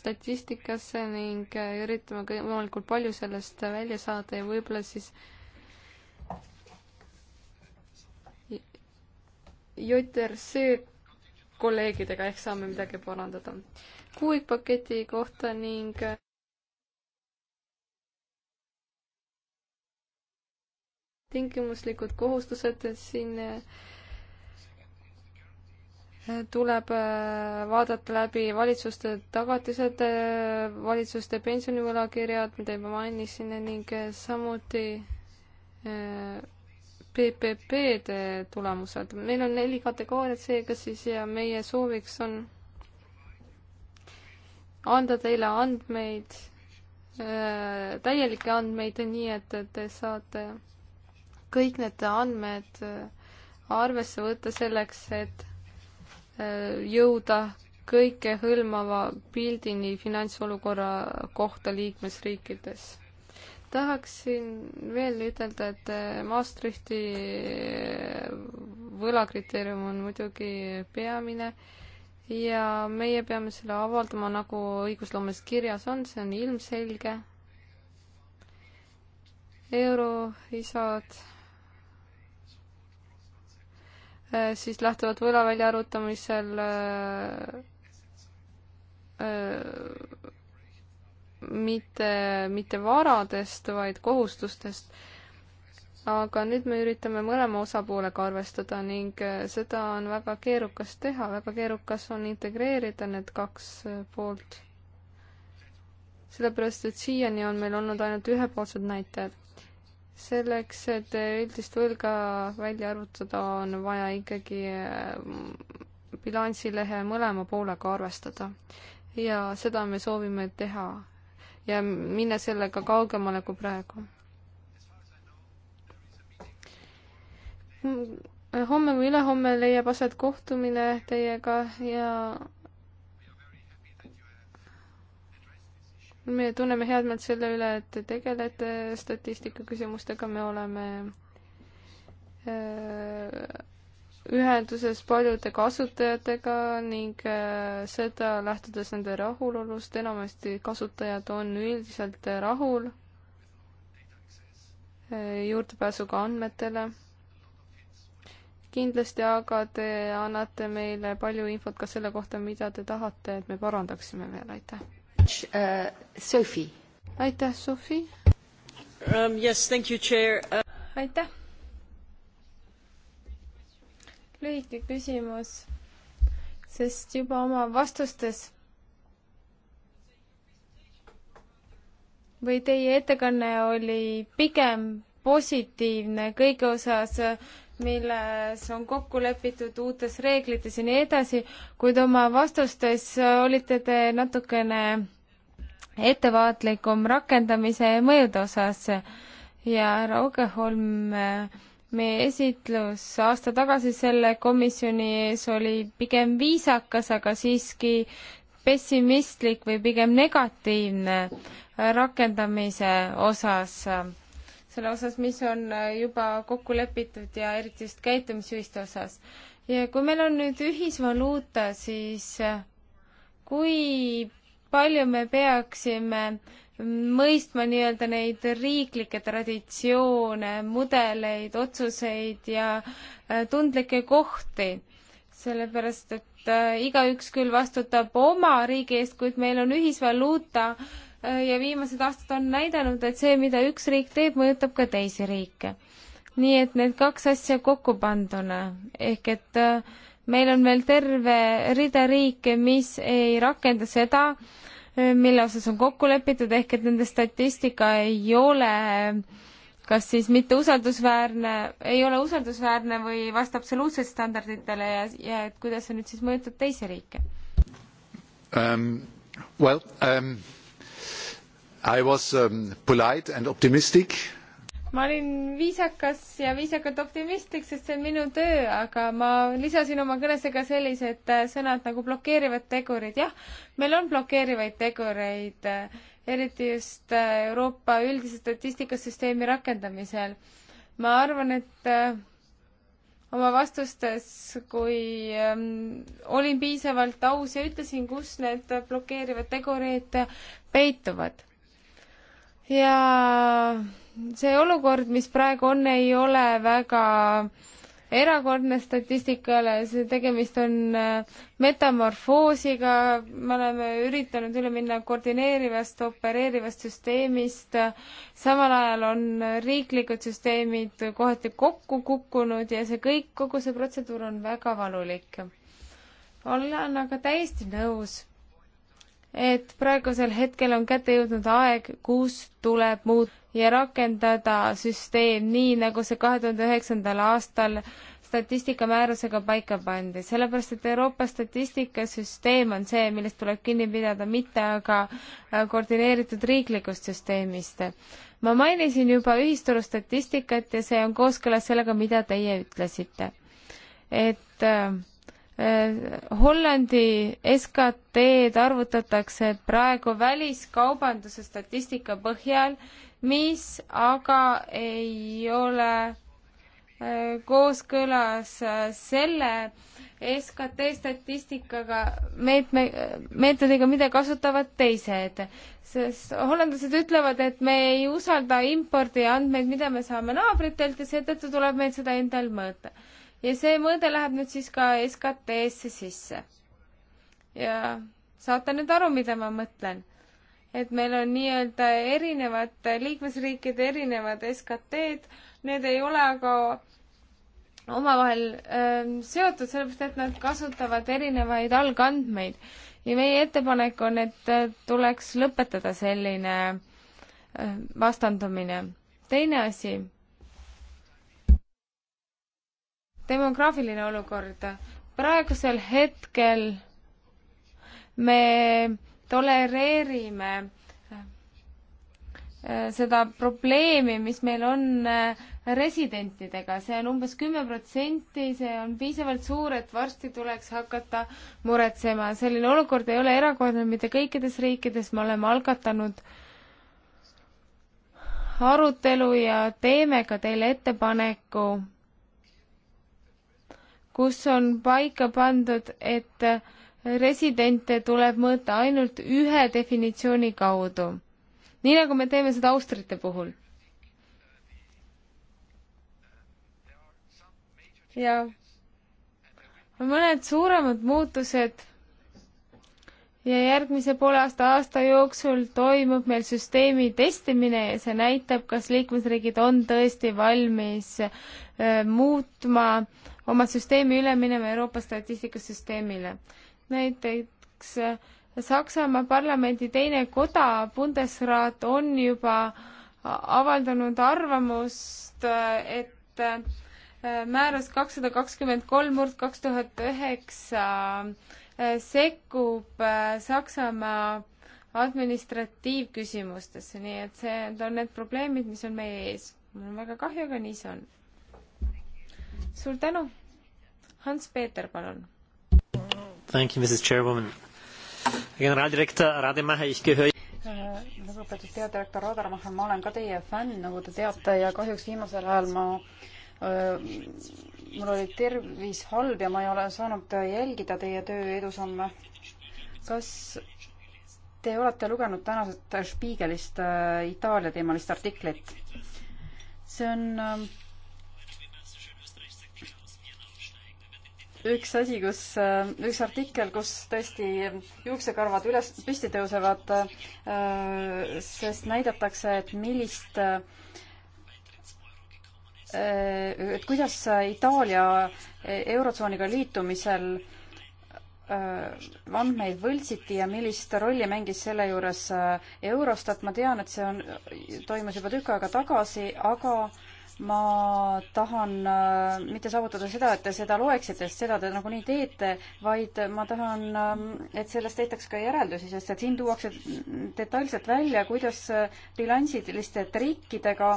statistikasse ning üritame võimalikult palju sellest välja saada ja võib-olla siis JRC kolleegidega, ehk saame midagi parandada. kuuikpaketi kohta ning tingimuslikud kohustused siin eh, tuleb eh, vaadata läbi valitsuste tagatised, eh, valitsuste pensionivõlakirjad, mida juba mainisin, ning samuti PPP-de tulemused. meil on neli kategooriat seega siis ja meie sooviks on anda teile andmeid, äh, täielikke andmeid, nii et te saate kõik need andmed äh, arvesse võtta selleks, et äh, jõuda kõikehõlmava pildini finantsolukorra kohta liikmesriikides tahaksin veel ütelda, et eh, Maastrichti eh, võlakriteerium on muidugi peamine ja meie peame selle avaldama, nagu õigusloomes kirjas on, see on ilmselge. euroisad eh, siis lähtuvad võla väljaarvutamisel mitte, mitte varadest, vaid kohustustest. aga nüüd me üritame mõlema osapoolega arvestada ning äh, seda on väga keerukas teha, väga keerukas on integreerida need kaks äh, poolt. sellepärast, et siiani on meil olnud ainult ühepoolsed näitajad. selleks, et äh, üldist võlga välja arvutada, on vaja ikkagi bilansilehe mõlema poolega arvestada ja seda me soovime teha ja minna sellega kaugemale kui praegu. homme või ülehomme leiab aset kohtumine teiega ja me tunneme head meelt selle üle, et te tegelete statistika küsimustega, me oleme äh, ühenduses paljude kasutajatega ning äh, seda lähtudes nende rahulolust, enamasti kasutajad on üldiselt rahul äh, juurdepääsuga andmetele. kindlasti aga te annate meile palju infot ka selle kohta, mida te tahate, et me parandaksime veel, aitäh. Äh, Sophie. aitäh, Sophie um,. Yes, thank you, chair uh.... aitäh lühike küsimus, sest juba oma vastustes või teie ettekanne oli pigem positiivne kõige osas, milles on kokku lepitud uutes reeglites ja nii edasi, kuid oma vastustes olite te natukene ettevaatlikum rakendamise mõjude osas ja härra Ogeholm äh, meie esitlus aasta tagasi selle komisjoni ees oli pigem viisakas, aga siiski pessimistlik või pigem negatiivne rakendamise osas, selle osas, mis on juba kokku lepitud ja eriti just käitumisjuhiste osas. ja kui meil on nüüd ühisvaluuta, siis kui palju me peaksime mõistma nii-öelda neid riiklikke traditsioone, mudeleid, otsuseid ja äh, tundlikke kohti. sellepärast, et äh, igaüks küll vastutab oma riigi eest, kuid meil on ühisvaluuta äh, ja viimased aastad on näidanud, et see, mida üks riik teeb, mõjutab ka teisi riike. nii et need kaks asja kokku panduna ehk et meil on veel terve rida riike, mis ei rakenda seda, mille osas on kokku lepitud, ehk et nende statistika ei ole kas siis mitte usaldusväärne, ei ole usaldusväärne või vasta absoluutselt standarditele ja, ja et kuidas see nüüd siis mõjutab teisi riike um,? Well um, I was um, polite and optimistic ma olin viisakas ja viisakalt optimistlik, sest see on minu töö, aga ma lisasin oma kõnesse ka sellised äh, sõnad nagu blokeerivad tegurid. jah, meil on blokeerivaid tegureid, äh, eriti just äh, Euroopa üldise statistikasüsteemi rakendamisel. ma arvan, et oma vastustes, kui ähm, olin piisavalt aus ja ütlesin, kus need blokeerivad tegurid peituvad. ja see olukord, mis praegu on, ei ole väga erakordne statistikale, see tegemist on äh, metamorfoosiga, me oleme üritanud üle minna koordineerivast, opereerivast süsteemist, samal ajal on riiklikud süsteemid kohati kokku kukkunud ja see kõik, kogu see protseduur on väga valulik. olen aga täiesti nõus et praegusel hetkel on kätte jõudnud aeg, kus tuleb muut- ja rakendada süsteem nii, nagu see kahe tuhande üheksandal aastal statistikamäärusega paika pandi, sellepärast et Euroopa statistikasüsteem on see, millest tuleb kinni pidada, mitte aga äh, koordineeritud riiklikust süsteemist. ma mainisin juba ühisturu statistikat ja see on kooskõlas sellega, mida teie ütlesite. et äh, Äh, Hollandi SKT-d arvutatakse praegu väliskaubanduse statistika põhjal, mis aga ei ole äh, kooskõlas äh, selle SKT statistikaga, meetme, meetodiga, mida kasutavad teised. sest hollandlased ütlevad, et me ei usalda impordiandmeid, mida me saame naabritelt ja seetõttu tuleb meil seda endal mõõta ja see mõõde läheb nüüd siis ka SKT-sse sisse. ja saate nüüd aru, mida ma mõtlen? et meil on nii-öelda erinevad liikmesriikide erinevad SKT-d, need ei ole aga omavahel äh, seotud, sellepärast et nad kasutavad erinevaid algandmeid. ja meie ettepanek on, et äh, tuleks lõpetada selline äh, vastandumine. teine asi demograafiline olukord. praegusel hetkel me tolereerime äh, seda probleemi, mis meil on äh, residentidega, see on umbes kümme protsenti, see on piisavalt suur, et varsti tuleks hakata muretsema. selline olukord ei ole erakordne mitte kõikides riikides, me oleme algatanud arutelu ja teeme ka teile ettepaneku kus on paika pandud, et residente tuleb mõõta ainult ühe definitsiooni kaudu. nii nagu me teeme seda austrite puhul. ja mõned suuremad muutused ja järgmise poole aasta aasta jooksul toimub meil süsteemi testimine ja see näitab, kas liikmesriigid on tõesti valmis äh, muutma oma süsteemi üle minema Euroopa statistikasüsteemile. näiteks äh, Saksamaa parlamendi teine koda, Bundesrat, on juba äh, avaldanud arvamust, äh, et määrus kakssada kakskümmend kolm murd kaks tuhat üheksa sekkub Saksamaa administratiivküsimustesse, nii et see, need on need probleemid, mis on meie ees. mul on väga kahju, aga nii see on. suur tänu! Hans-Peeter, palun. Thank you, Mrs Chairwoman. generaaldirektor Rademacher, ich gehöre äh, lugupeetud peadirektor Rademacher, ma olen ka teie fänn, nagu te teate, ja kahjuks viimasel ajal ma äh, mul oli tervis halb ja ma ei ole saanud jälgida teie töö edusamme. kas te olete lugenud tänasest Spiegelist äh, Itaalia teemalist artiklit? see on üks asi, kus, äh, üks artikkel, kus tõesti juuksekarvad üles, püsti tõusevad, äh, sest näidatakse, et millist, äh, et kuidas Itaalia Eurotsooniga liitumisel andmeid võltsiti ja millist rolli mängis selle juures Eurostat, ma tean, et see on, toimus juba tükk aega tagasi, aga äh, ma tahan äh, mitte saavutada seda, et te seda loeksite, sest seda te nagunii teete, vaid ma tahan äh,, et sellest tehtaks ka järeldusi, sest et siin tuuakse detailselt välja, kuidas äh, bilansiliste trikkidega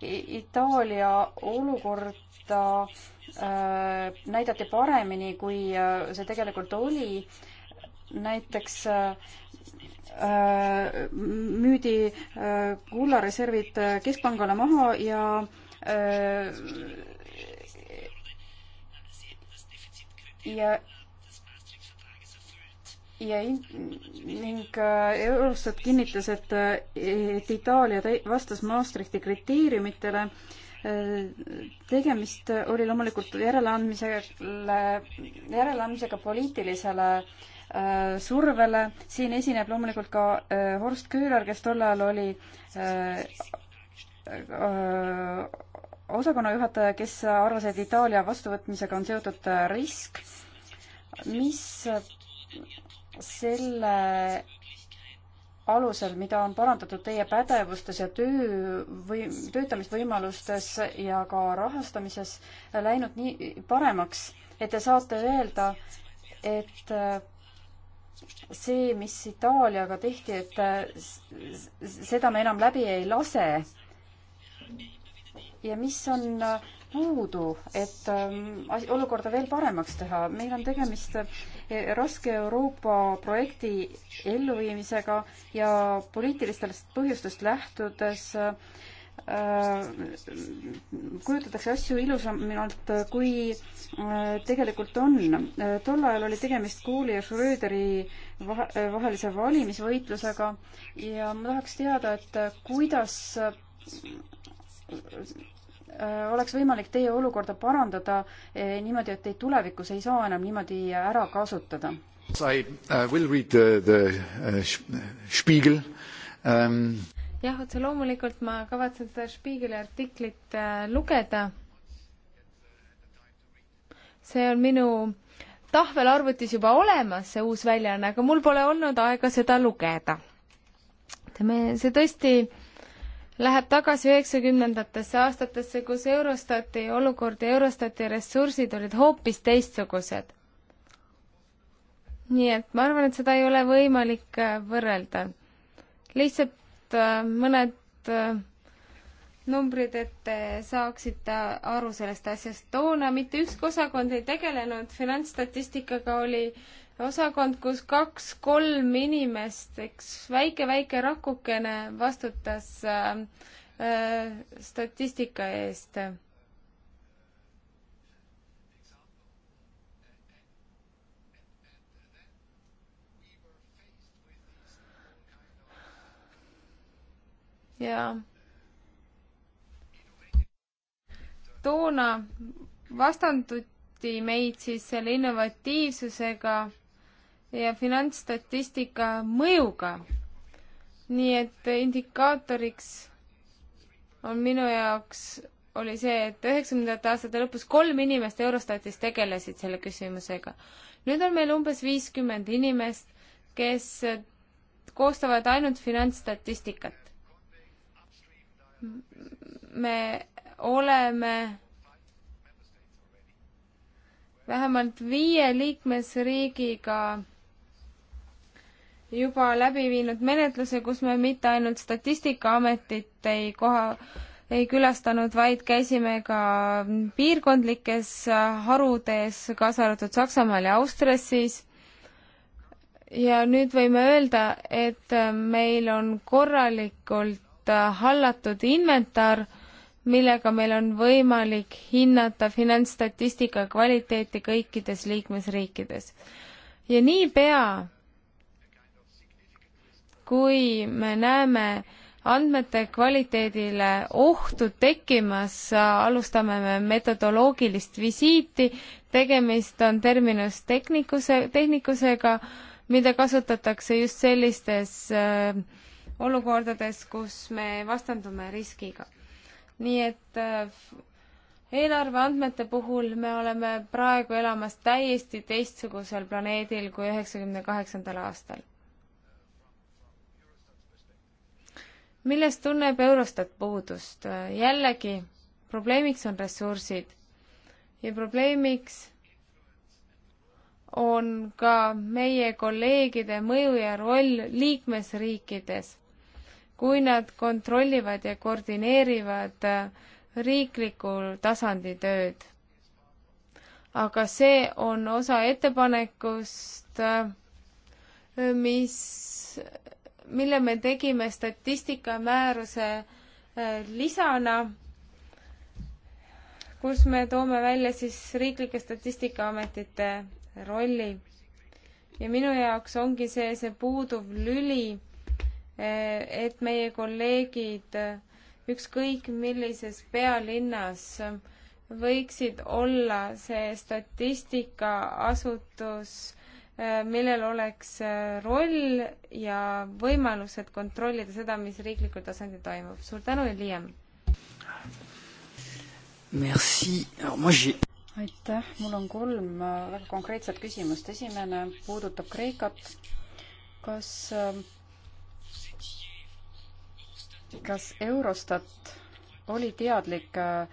Itaalia olukorda äh, näidati paremini, kui äh, see tegelikult oli. näiteks äh, äh müüdi äh, kullareservid keskpangale maha ja Äh, ja ja ning äh, Eurostat kinnitas, et, äh, et Itaalia vastas Maastrichti kriteeriumitele. tegemist oli loomulikult järeleandmisele, järeleandmisega poliitilisele survele. siin esineb loomulikult ka Horst Küüler, kes tol ajal oli osakonnajuhataja, kes arvas, et Itaalia vastuvõtmisega on seotud risk, mis selle alusel, mida on parandatud teie pädevustes ja töö või töötamisvõimalustes ja ka rahastamises läinud nii paremaks, et te saate öelda, et see, mis Itaaliaga tehti, et seda me enam läbi ei lase ja mis on äh, puudu, et ähm, olukorda veel paremaks teha. meil on tegemist äh, raske Euroopa projekti elluviimisega ja poliitilistest põhjustest lähtudes äh, kujutatakse asju ilusamalt, kui tegelikult on. tol ajal oli tegemist Kooli ja Schröderi vahelise valimisvõitlusega ja ma tahaks teada, et kuidas Äh, oleks võimalik teie olukorda parandada äh, niimoodi, et teid tulevikus ei saa enam niimoodi ära kasutada? I uh, will read the, the uh, Spiegel um.... jah, otse loomulikult ma kavatsen seda Spiegeli artiklit äh, lugeda. see on minu tahvelarvutis juba olemas, see uus väljaanne, aga mul pole olnud aega seda lugeda. ütleme, see tõesti äh, läheb tagasi üheksakümnendatesse aastatesse, kus Eurostati olukord ja Eurostati ressursid olid hoopis teistsugused. nii et ma arvan, et seda ei ole võimalik äh, võrrelda. lihtsalt äh, mõned äh, numbrid, et te saaksite aru sellest asjast. toona mitte ükski osakond ei tegelenud finantsstatistikaga, oli osakond, kus kaks-kolm inimest, üks väike-väike rakukene vastutas äh, äh, statistika eest. ja toona vastanduti meid siis selle innovatiivsusega ja finantsstatistika mõjuga. nii et indikaatoriks on minu jaoks, oli see, et üheksakümnendate aastate lõpus kolm inimest Eurostatis tegelesid selle küsimusega. nüüd on meil umbes viiskümmend inimest, kes koostavad ainult finantsstatistikat. me oleme vähemalt viie liikmesriigiga juba läbi viinud menetluse, kus me mitte ainult Statistikaametit ei koha, ei külastanud, vaid käisime ka piirkondlikes harudes, kaasa arvatud Saksamaal ja Austrias siis. ja nüüd võime öelda, et meil on korralikult hallatud inventar, millega meil on võimalik hinnata finantsstatistika kvaliteeti kõikides liikmesriikides. ja niipea, kui me näeme andmete kvaliteedile ohtu tekkimas, alustame me metodoloogilist visiiti, tegemist on terminus tehnikuse, tehnikusega, mida kasutatakse just sellistes äh, olukordades, kus me vastandume riskiga. nii et äh, eelarveandmete puhul me oleme praegu elamas täiesti teistsugusel planeedil kui üheksakümne kaheksandal aastal millest tunneb Eurostat puudust? jällegi, probleemiks on ressursid ja probleemiks on ka meie kolleegide mõju ja roll liikmesriikides, kui nad kontrollivad ja koordineerivad riikliku tasandi tööd. aga see on osa ettepanekust, mis mille me tegime statistikamääruse äh, lisana, kus me toome välja siis riiklike statistikaametite rolli. ja minu jaoks ongi see, see puuduv lüli, äh, et meie kolleegid äh, ükskõik millises pealinnas võiksid olla see statistikaasutus Äh, millel oleks äh, roll ja võimalused kontrollida seda, mis riiklikul tasandil toimub. suur tänu ja Liam! aitäh, mul on kolm äh, väga konkreetset küsimust. esimene puudutab Kreekat. kas, kas Eurostat oli teadlik äh,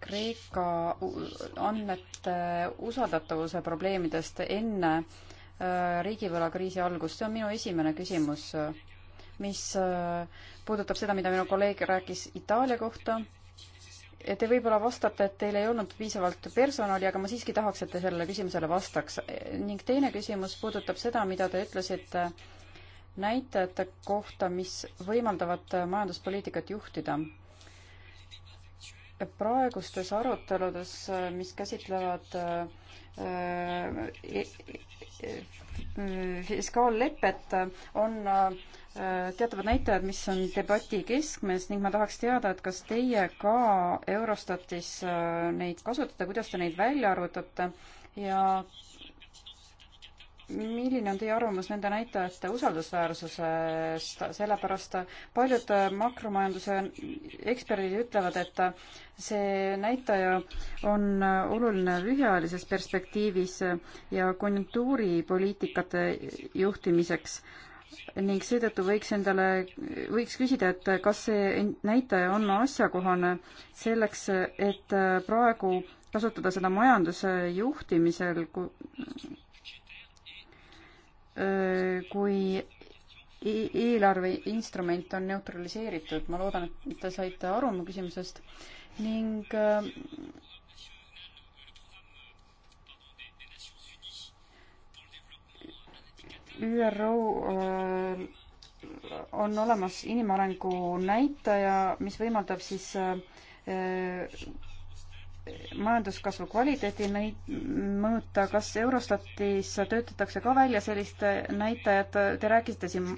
Kreeka andmete usaldatavuse probleemidest enne äh, riigivõlakriisi algust, see on minu esimene küsimus, äh, mis äh, puudutab seda, mida minu kolleeg rääkis Itaalia kohta. Te võib-olla vastate, et teil ei olnud piisavalt personali, aga ma siiski tahaks, et te sellele küsimusele vastaks. ning teine küsimus puudutab seda, mida te ütlesite näitajate kohta, mis võimaldavad majanduspoliitikat juhtida praegustes aruteludes, äh, mis käsitlevad äh, äh, fiskaallepet, on teatavad näitajad, mis on debati keskmes ning ma tahaks teada, et kas teie ka Eurostatis neid kasutate, kuidas te neid välja arvutate ja milline on teie arvamus nende näitajate usaldusväärsusest, sellepärast paljud makromajanduse eksperdid ütlevad, et see näitaja on oluline lühiajalises perspektiivis ja konjunktuuripoliitikate juhtimiseks ning seetõttu võiks endale, võiks küsida, et kas see näitaja on asjakohane selleks, et praegu kasutada seda majanduse juhtimisel, kui e-, eelarve instrument on neutraliseeritud, ma loodan, et te saite aru mu küsimusest ning ÜRO on olemas inimarengu näitaja, mis võimaldab siis majanduskasvu kvaliteedi mõõta, kas Eurostatis töötatakse ka välja sellist näitajat, te rääkisite siin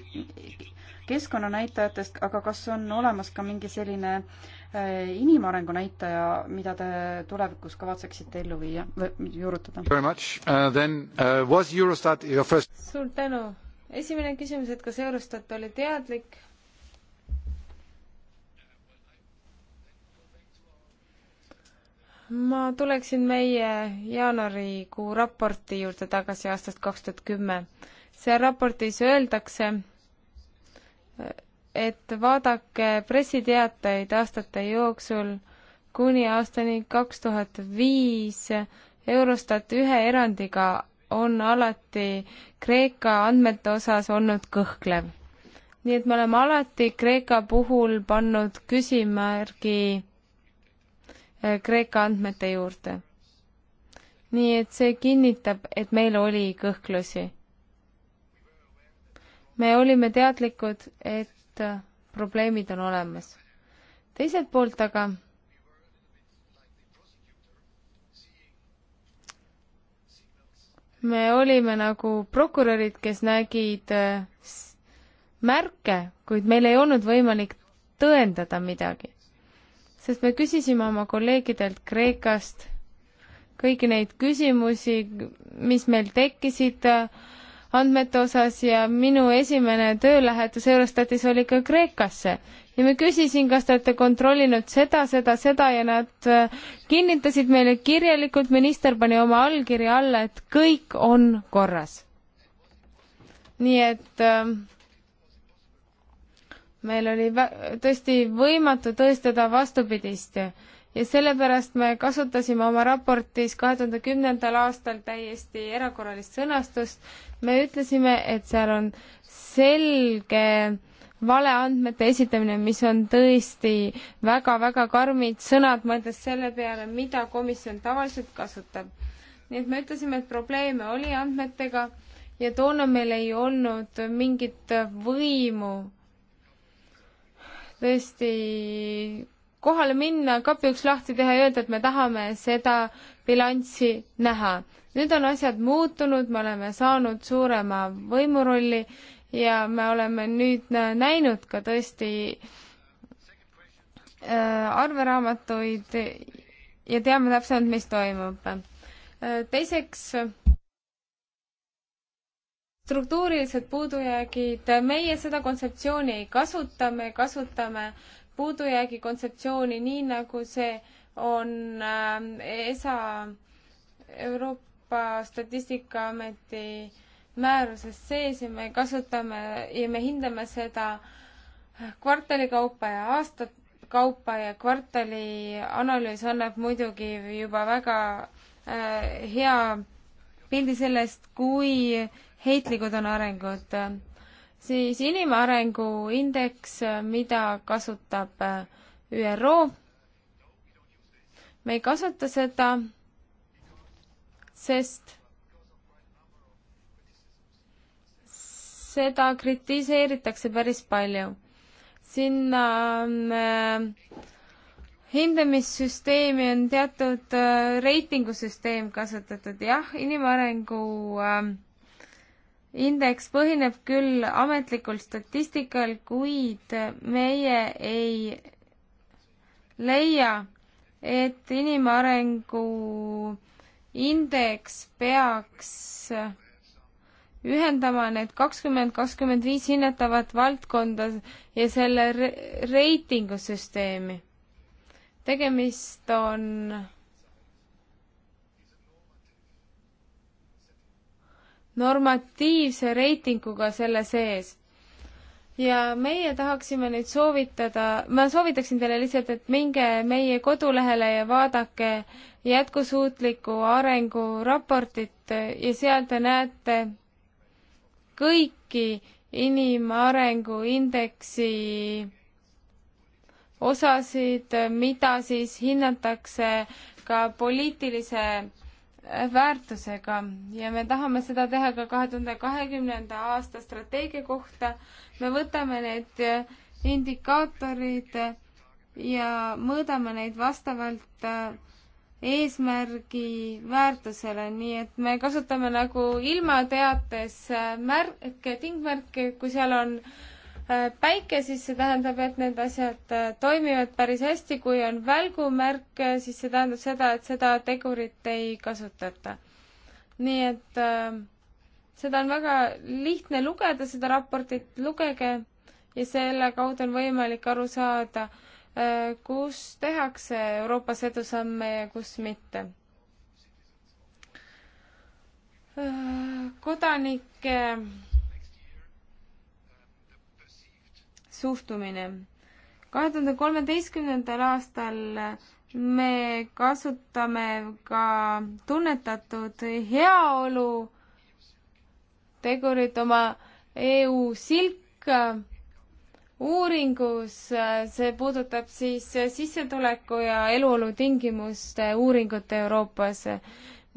keskkonnanäitajatest, aga kas on olemas ka mingi selline eh, inimarengu näitaja, mida te tulevikus kavatseksite ellu viia või juurutada? Uh, uh, suur tänu! esimene küsimus, et kas Eurostat oli teadlik ma tuleksin meie jaanuarikuu raporti juurde tagasi aastast kaks tuhat kümme. seal raportis öeldakse, et vaadake pressiteateid aastate jooksul kuni aastani kaks tuhat viis Eurostat ühe erandiga on alati Kreeka andmete osas olnud kõhklev. nii et me oleme alati Kreeka puhul pannud küsimärgi Äh, Kreeka andmete juurde. nii et see kinnitab, et meil oli kõhklusi. me olime teadlikud, et äh, probleemid on olemas. teiselt poolt aga me olime nagu prokurörid, kes nägid äh, märke, kuid meil ei olnud võimalik tõendada midagi sest me küsisime oma kolleegidelt Kreekast kõiki neid küsimusi, mis meil tekkisid äh, andmete osas ja minu esimene töölähetus Eurostatis oli ka Kreekasse ja ma küsisin, kas te olete kontrollinud seda, seda, seda ja nad äh, kinnitasid meile kirjalikult, minister pani oma allkirja alla, et kõik on korras. nii et äh, meil oli tõesti võimatu tõestada vastupidist ja sellepärast me kasutasime oma raportis kahe tuhande kümnendal aastal täiesti erakorralist sõnastust. me ütlesime, et seal on selge valeandmete esitamine, mis on tõesti väga-väga karmid sõnad, mõeldes selle peale, mida komisjon tavaliselt kasutab. nii et me ütlesime, et probleeme oli andmetega ja toona meil ei olnud mingit võimu tõesti kohale minna, kapi üks lahti teha ja öelda, et me tahame seda bilanssi näha. nüüd on asjad muutunud, me oleme saanud suurema võimurolli ja me oleme nüüd näinud ka tõesti äh, arveraamatuid ja teame täpsemalt, mis toimub. Äh, teiseks struktuurilised puudujäägid, meie seda kontseptsiooni ei kasuta, me kasutame puudujäägi kontseptsiooni nii, nagu see on äh, ESA, Euroopa Statistikaameti määruses sees ja me kasutame ja me hindame seda kvartali kaupa ja aastate kaupa ja kvartali analüüs annab muidugi juba väga äh, hea pildi sellest, kui heitlikud on arengud. siis inimarengu indeks, mida kasutab äh, ÜRO. me ei kasuta seda, sest seda kritiseeritakse päris palju. sinna äh, hindamissüsteemi on teatud äh, reitingusüsteem kasutatud, jah, inimarengu äh, indeks põhineb küll ametlikul statistikal, kuid meie ei leia, et inimarengu indeks peaks ühendama need kakskümmend, kakskümmend viis hinnatavat valdkonda ja selle reitingusüsteemi tegemist on normatiivse reitinguga selle sees. ja meie tahaksime nüüd soovitada, ma soovitaksin teile lihtsalt, et minge meie kodulehele ja vaadake jätkusuutliku arengu raportit ja seal te näete kõiki inimarengu indeksi osasid, mida siis hinnatakse ka poliitilise väärtusega ja me tahame seda teha ka kahe tuhande kahekümnenda aasta strateegia kohta. me võtame need indikaatorid ja mõõdame neid vastavalt äh, eesmärgi väärtusele, nii et me kasutame nagu ilmateates äh, märke, tingmärke, kui seal on äh, päike, siis see tähendab, et need asjad äh, toimivad päris hästi, kui on välgumärk, äh, siis see tähendab seda, et seda tegurit ei kasutata. nii et äh, seda on väga lihtne lugeda, seda raportit, lugege ja selle kaudu on võimalik aru saada, äh, kus tehakse Euroopas edusamme ja kus mitte. kodanike suhtumine. kahe tuhande kolmeteistkümnendal aastal me kasutame ka tunnetatud heaolu tegurit oma EU silk uuringus, see puudutab siis sissetuleku ja eluolu tingimuste uuringut Euroopas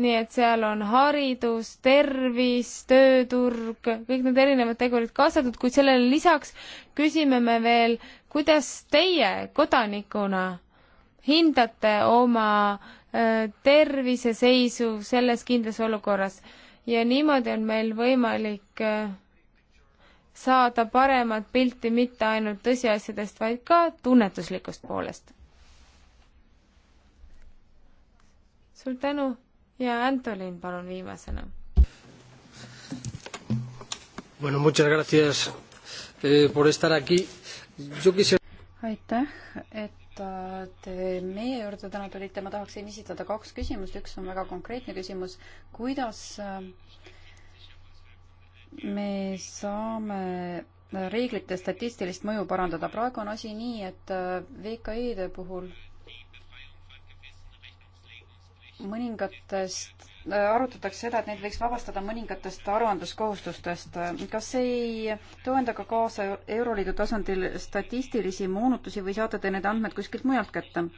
nii et seal on haridus, tervis, tööturg, kõik need erinevad tegurid kaasatud, kuid sellele lisaks küsime me veel, kuidas teie kodanikuna hindate oma äh, terviseseisu selles kindlas olukorras ja niimoodi on meil võimalik äh, saada paremat pilti mitte ainult tõsiasjadest, vaid ka tunnetuslikust poolest. suur tänu! ja Antolin, palun viimasena. Bueno, muchas gracias eh, por estar aquí. Yo quisiera... aitäh, et äh, te meie juurde täna tulite, ma tahaksin esitada kaks küsimust, üks on väga konkreetne küsimus, kuidas äh, me saame reeglite statistilist mõju parandada, praegu on asi nii, et äh, VKI-de puhul mõningatest, äh, arutatakse seda, et neid võiks vabastada mõningatest aruandluskohustustest. kas ei too endaga kaasa Euroliidu tasandil statistilisi moonutusi või saate te need andmed kuskilt mujalt kätte?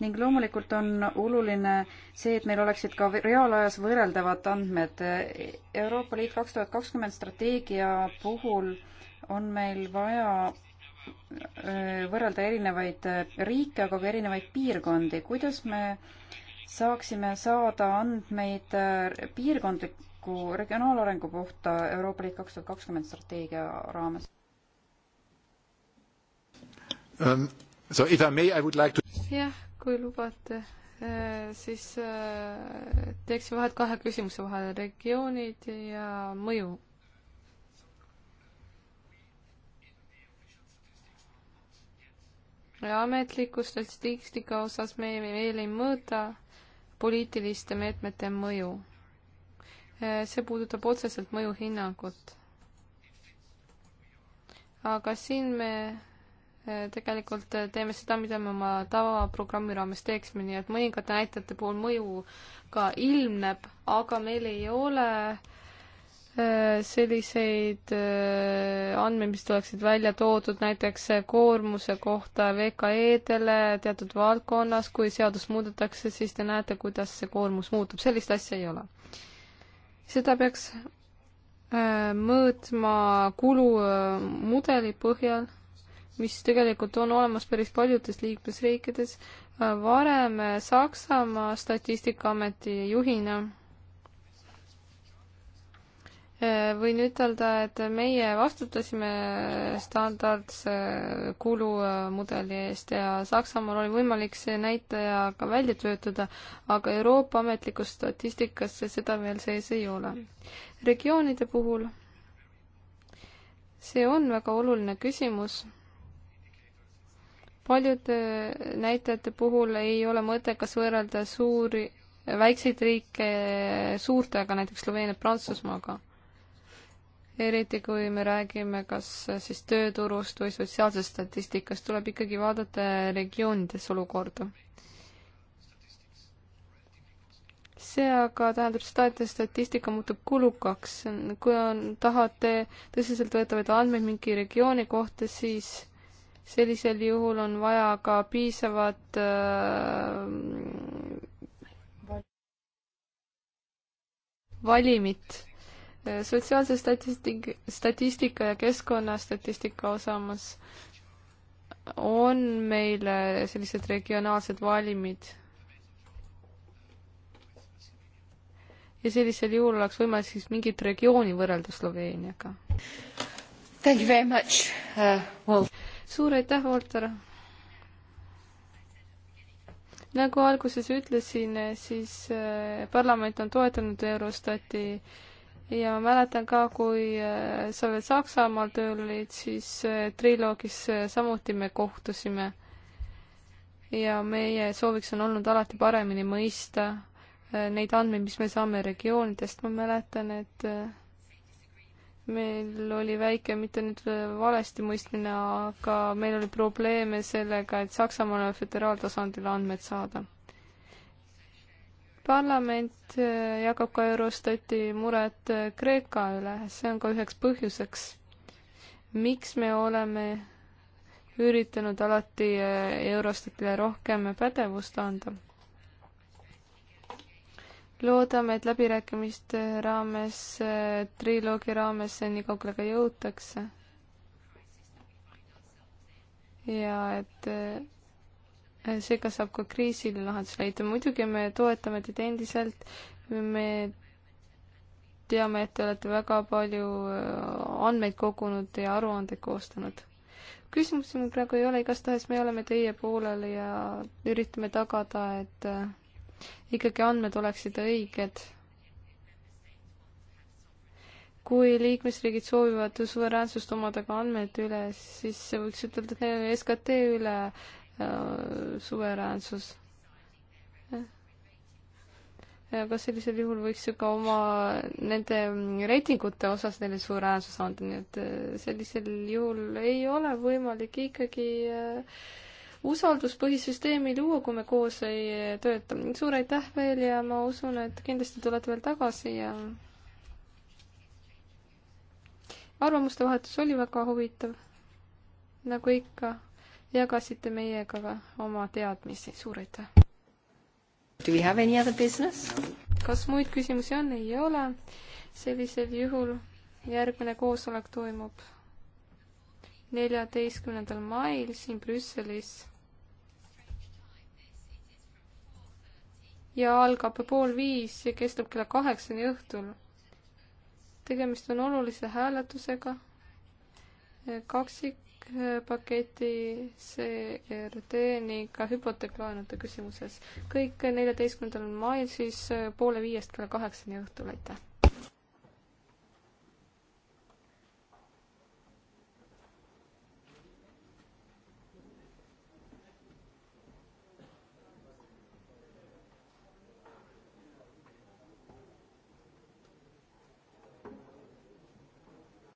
ning loomulikult on oluline see, et meil oleksid ka reaalajas võrreldavad andmed. Euroopa Liit kaks tuhat kakskümmend strateegia puhul on meil vaja äh, võrrelda erinevaid äh, riike, aga ka erinevaid piirkondi. kuidas me äh, saaksime saada andmeid äh, piirkondliku regionaalarengu kohta Euroopa Liit kaks tuhat kakskümmend strateegia raames um,? Like to... jah, kui lubate, äh, siis äh, teeks vahet kahe küsimuse vahel, regioonid ja mõju ametliku statistika osas me veel ei mõõda poliitiliste meetmete mõju. Eh, see puudutab otseselt mõjuhinnangut. aga siin me eh, tegelikult eh, teeme seda, mida me oma tavaprogrammi raames teeksime, nii et mõningate näitajate puhul mõju ka ilmneb, aga meil ei ole äh, Äh, selliseid äh, andmeid, mis tuleksid välja toodud näiteks äh, koormuse kohta VKE-dele teatud valdkonnas, kui seadust muudetakse, siis te näete, kuidas see koormus muutub, sellist asja ei ole. seda peaks mõõtma kulumudeli põhjal, mis tegelikult on olemas päris paljudes liikmesriikides, varem Saksamaa statistikaameti juhina võin ütelda, et meie vastutasime standardse äh, kulumudeli eest ja Saksamaal oli võimalik see näitaja ka välja töötada, aga Euroopa ametlikus statistikas seda veel sees ei ole. regioonide puhul see on väga oluline küsimus paljude näitajate puhul ei ole mõttekas võrrelda suuri, väikseid riike suurtega, näiteks Sloveeniat Prantsusmaaga eriti kui me räägime kas siis tööturust või sotsiaalsest statistikast, tuleb ikkagi vaadata regioonides olukorda. see aga tähendab seda, et statistika muutub kulukaks, kui on, tahate tõsiseltvõetavaid andmeid mingi regiooni kohta, siis sellisel juhul on vaja ka piisavat äh, valimit sotsiaalse statistik-, statistika ja keskkonnastatistika osamas on meil sellised regionaalsed valimid. ja sellisel juhul oleks võimalik siis mingit regiooni võrrelda Sloveeniaga. Thank you very much uh,, Wolf. suur aitäh, Walter. nagu alguses ütlesin, siis eh, parlament on toetanud Eurostati uh, ja ma mäletan ka, kui äh, sa veel Saksamaal tööl olid, siis äh, triloogis äh, samuti me kohtusime. ja meie sooviks on olnud alati paremini mõista neid andmeid, mis me saame regioonidest, ma mäletan, et meil oli väike, mitte nüüd valesti mõistmine, aga meil oli probleeme sellega, et Saksamaal on föderaaltasandil andmed saada parlament äh, jagab ka Eurostati muret äh, Kreeka üle, see on ka üheks põhjuseks, miks me oleme üritanud alati äh, Eurostatile rohkem pädevust anda. loodame, et läbirääkimiste raames, triloogi raames nii kaugele ka jõutakse. ja et seega saab ka kriisile lahendus leida. muidugi me toetame teid endiselt, me teame, et te olete väga palju äh, andmeid kogunud ja aruandeid koostanud. küsimusi mul praegu ei ole, igastahes me oleme teie poolel ja üritame tagada, et äh, ikkagi andmed oleksid õiged. kui liikmesriigid soovivad suveräänsust omada ka andmete üle, siis võiks ütelda, et neil on SKT üle Äh, suveräänsus. aga sellisel juhul võiks ju ka oma nende reitingute osas neile suveräänsuse anda, nii et äh, sellisel juhul ei ole võimalik ikkagi äh, usalduspõhist süsteemi luua, kui me koos ei tööta. suur aitäh veel ja ma usun, et kindlasti tulete veel tagasi ja arvamuste vahetus oli väga huvitav, nagu ikka jagasite meiega ka oma teadmisi, suur aitäh! Do we have any other business? kas muid küsimusi on? ei ole. sellisel juhul järgmine koosolek toimub neljateistkümnendal mail siin Brüsselis. ja algab pool viis ja kestab kella kaheksani õhtul. tegemist on olulise hääletusega. kaksik paketi, CRD ning ka hüpoteeklaenude küsimuses. kõik neljateistkümnendal mail siis poole viiest kella kaheksani õhtul, aitäh!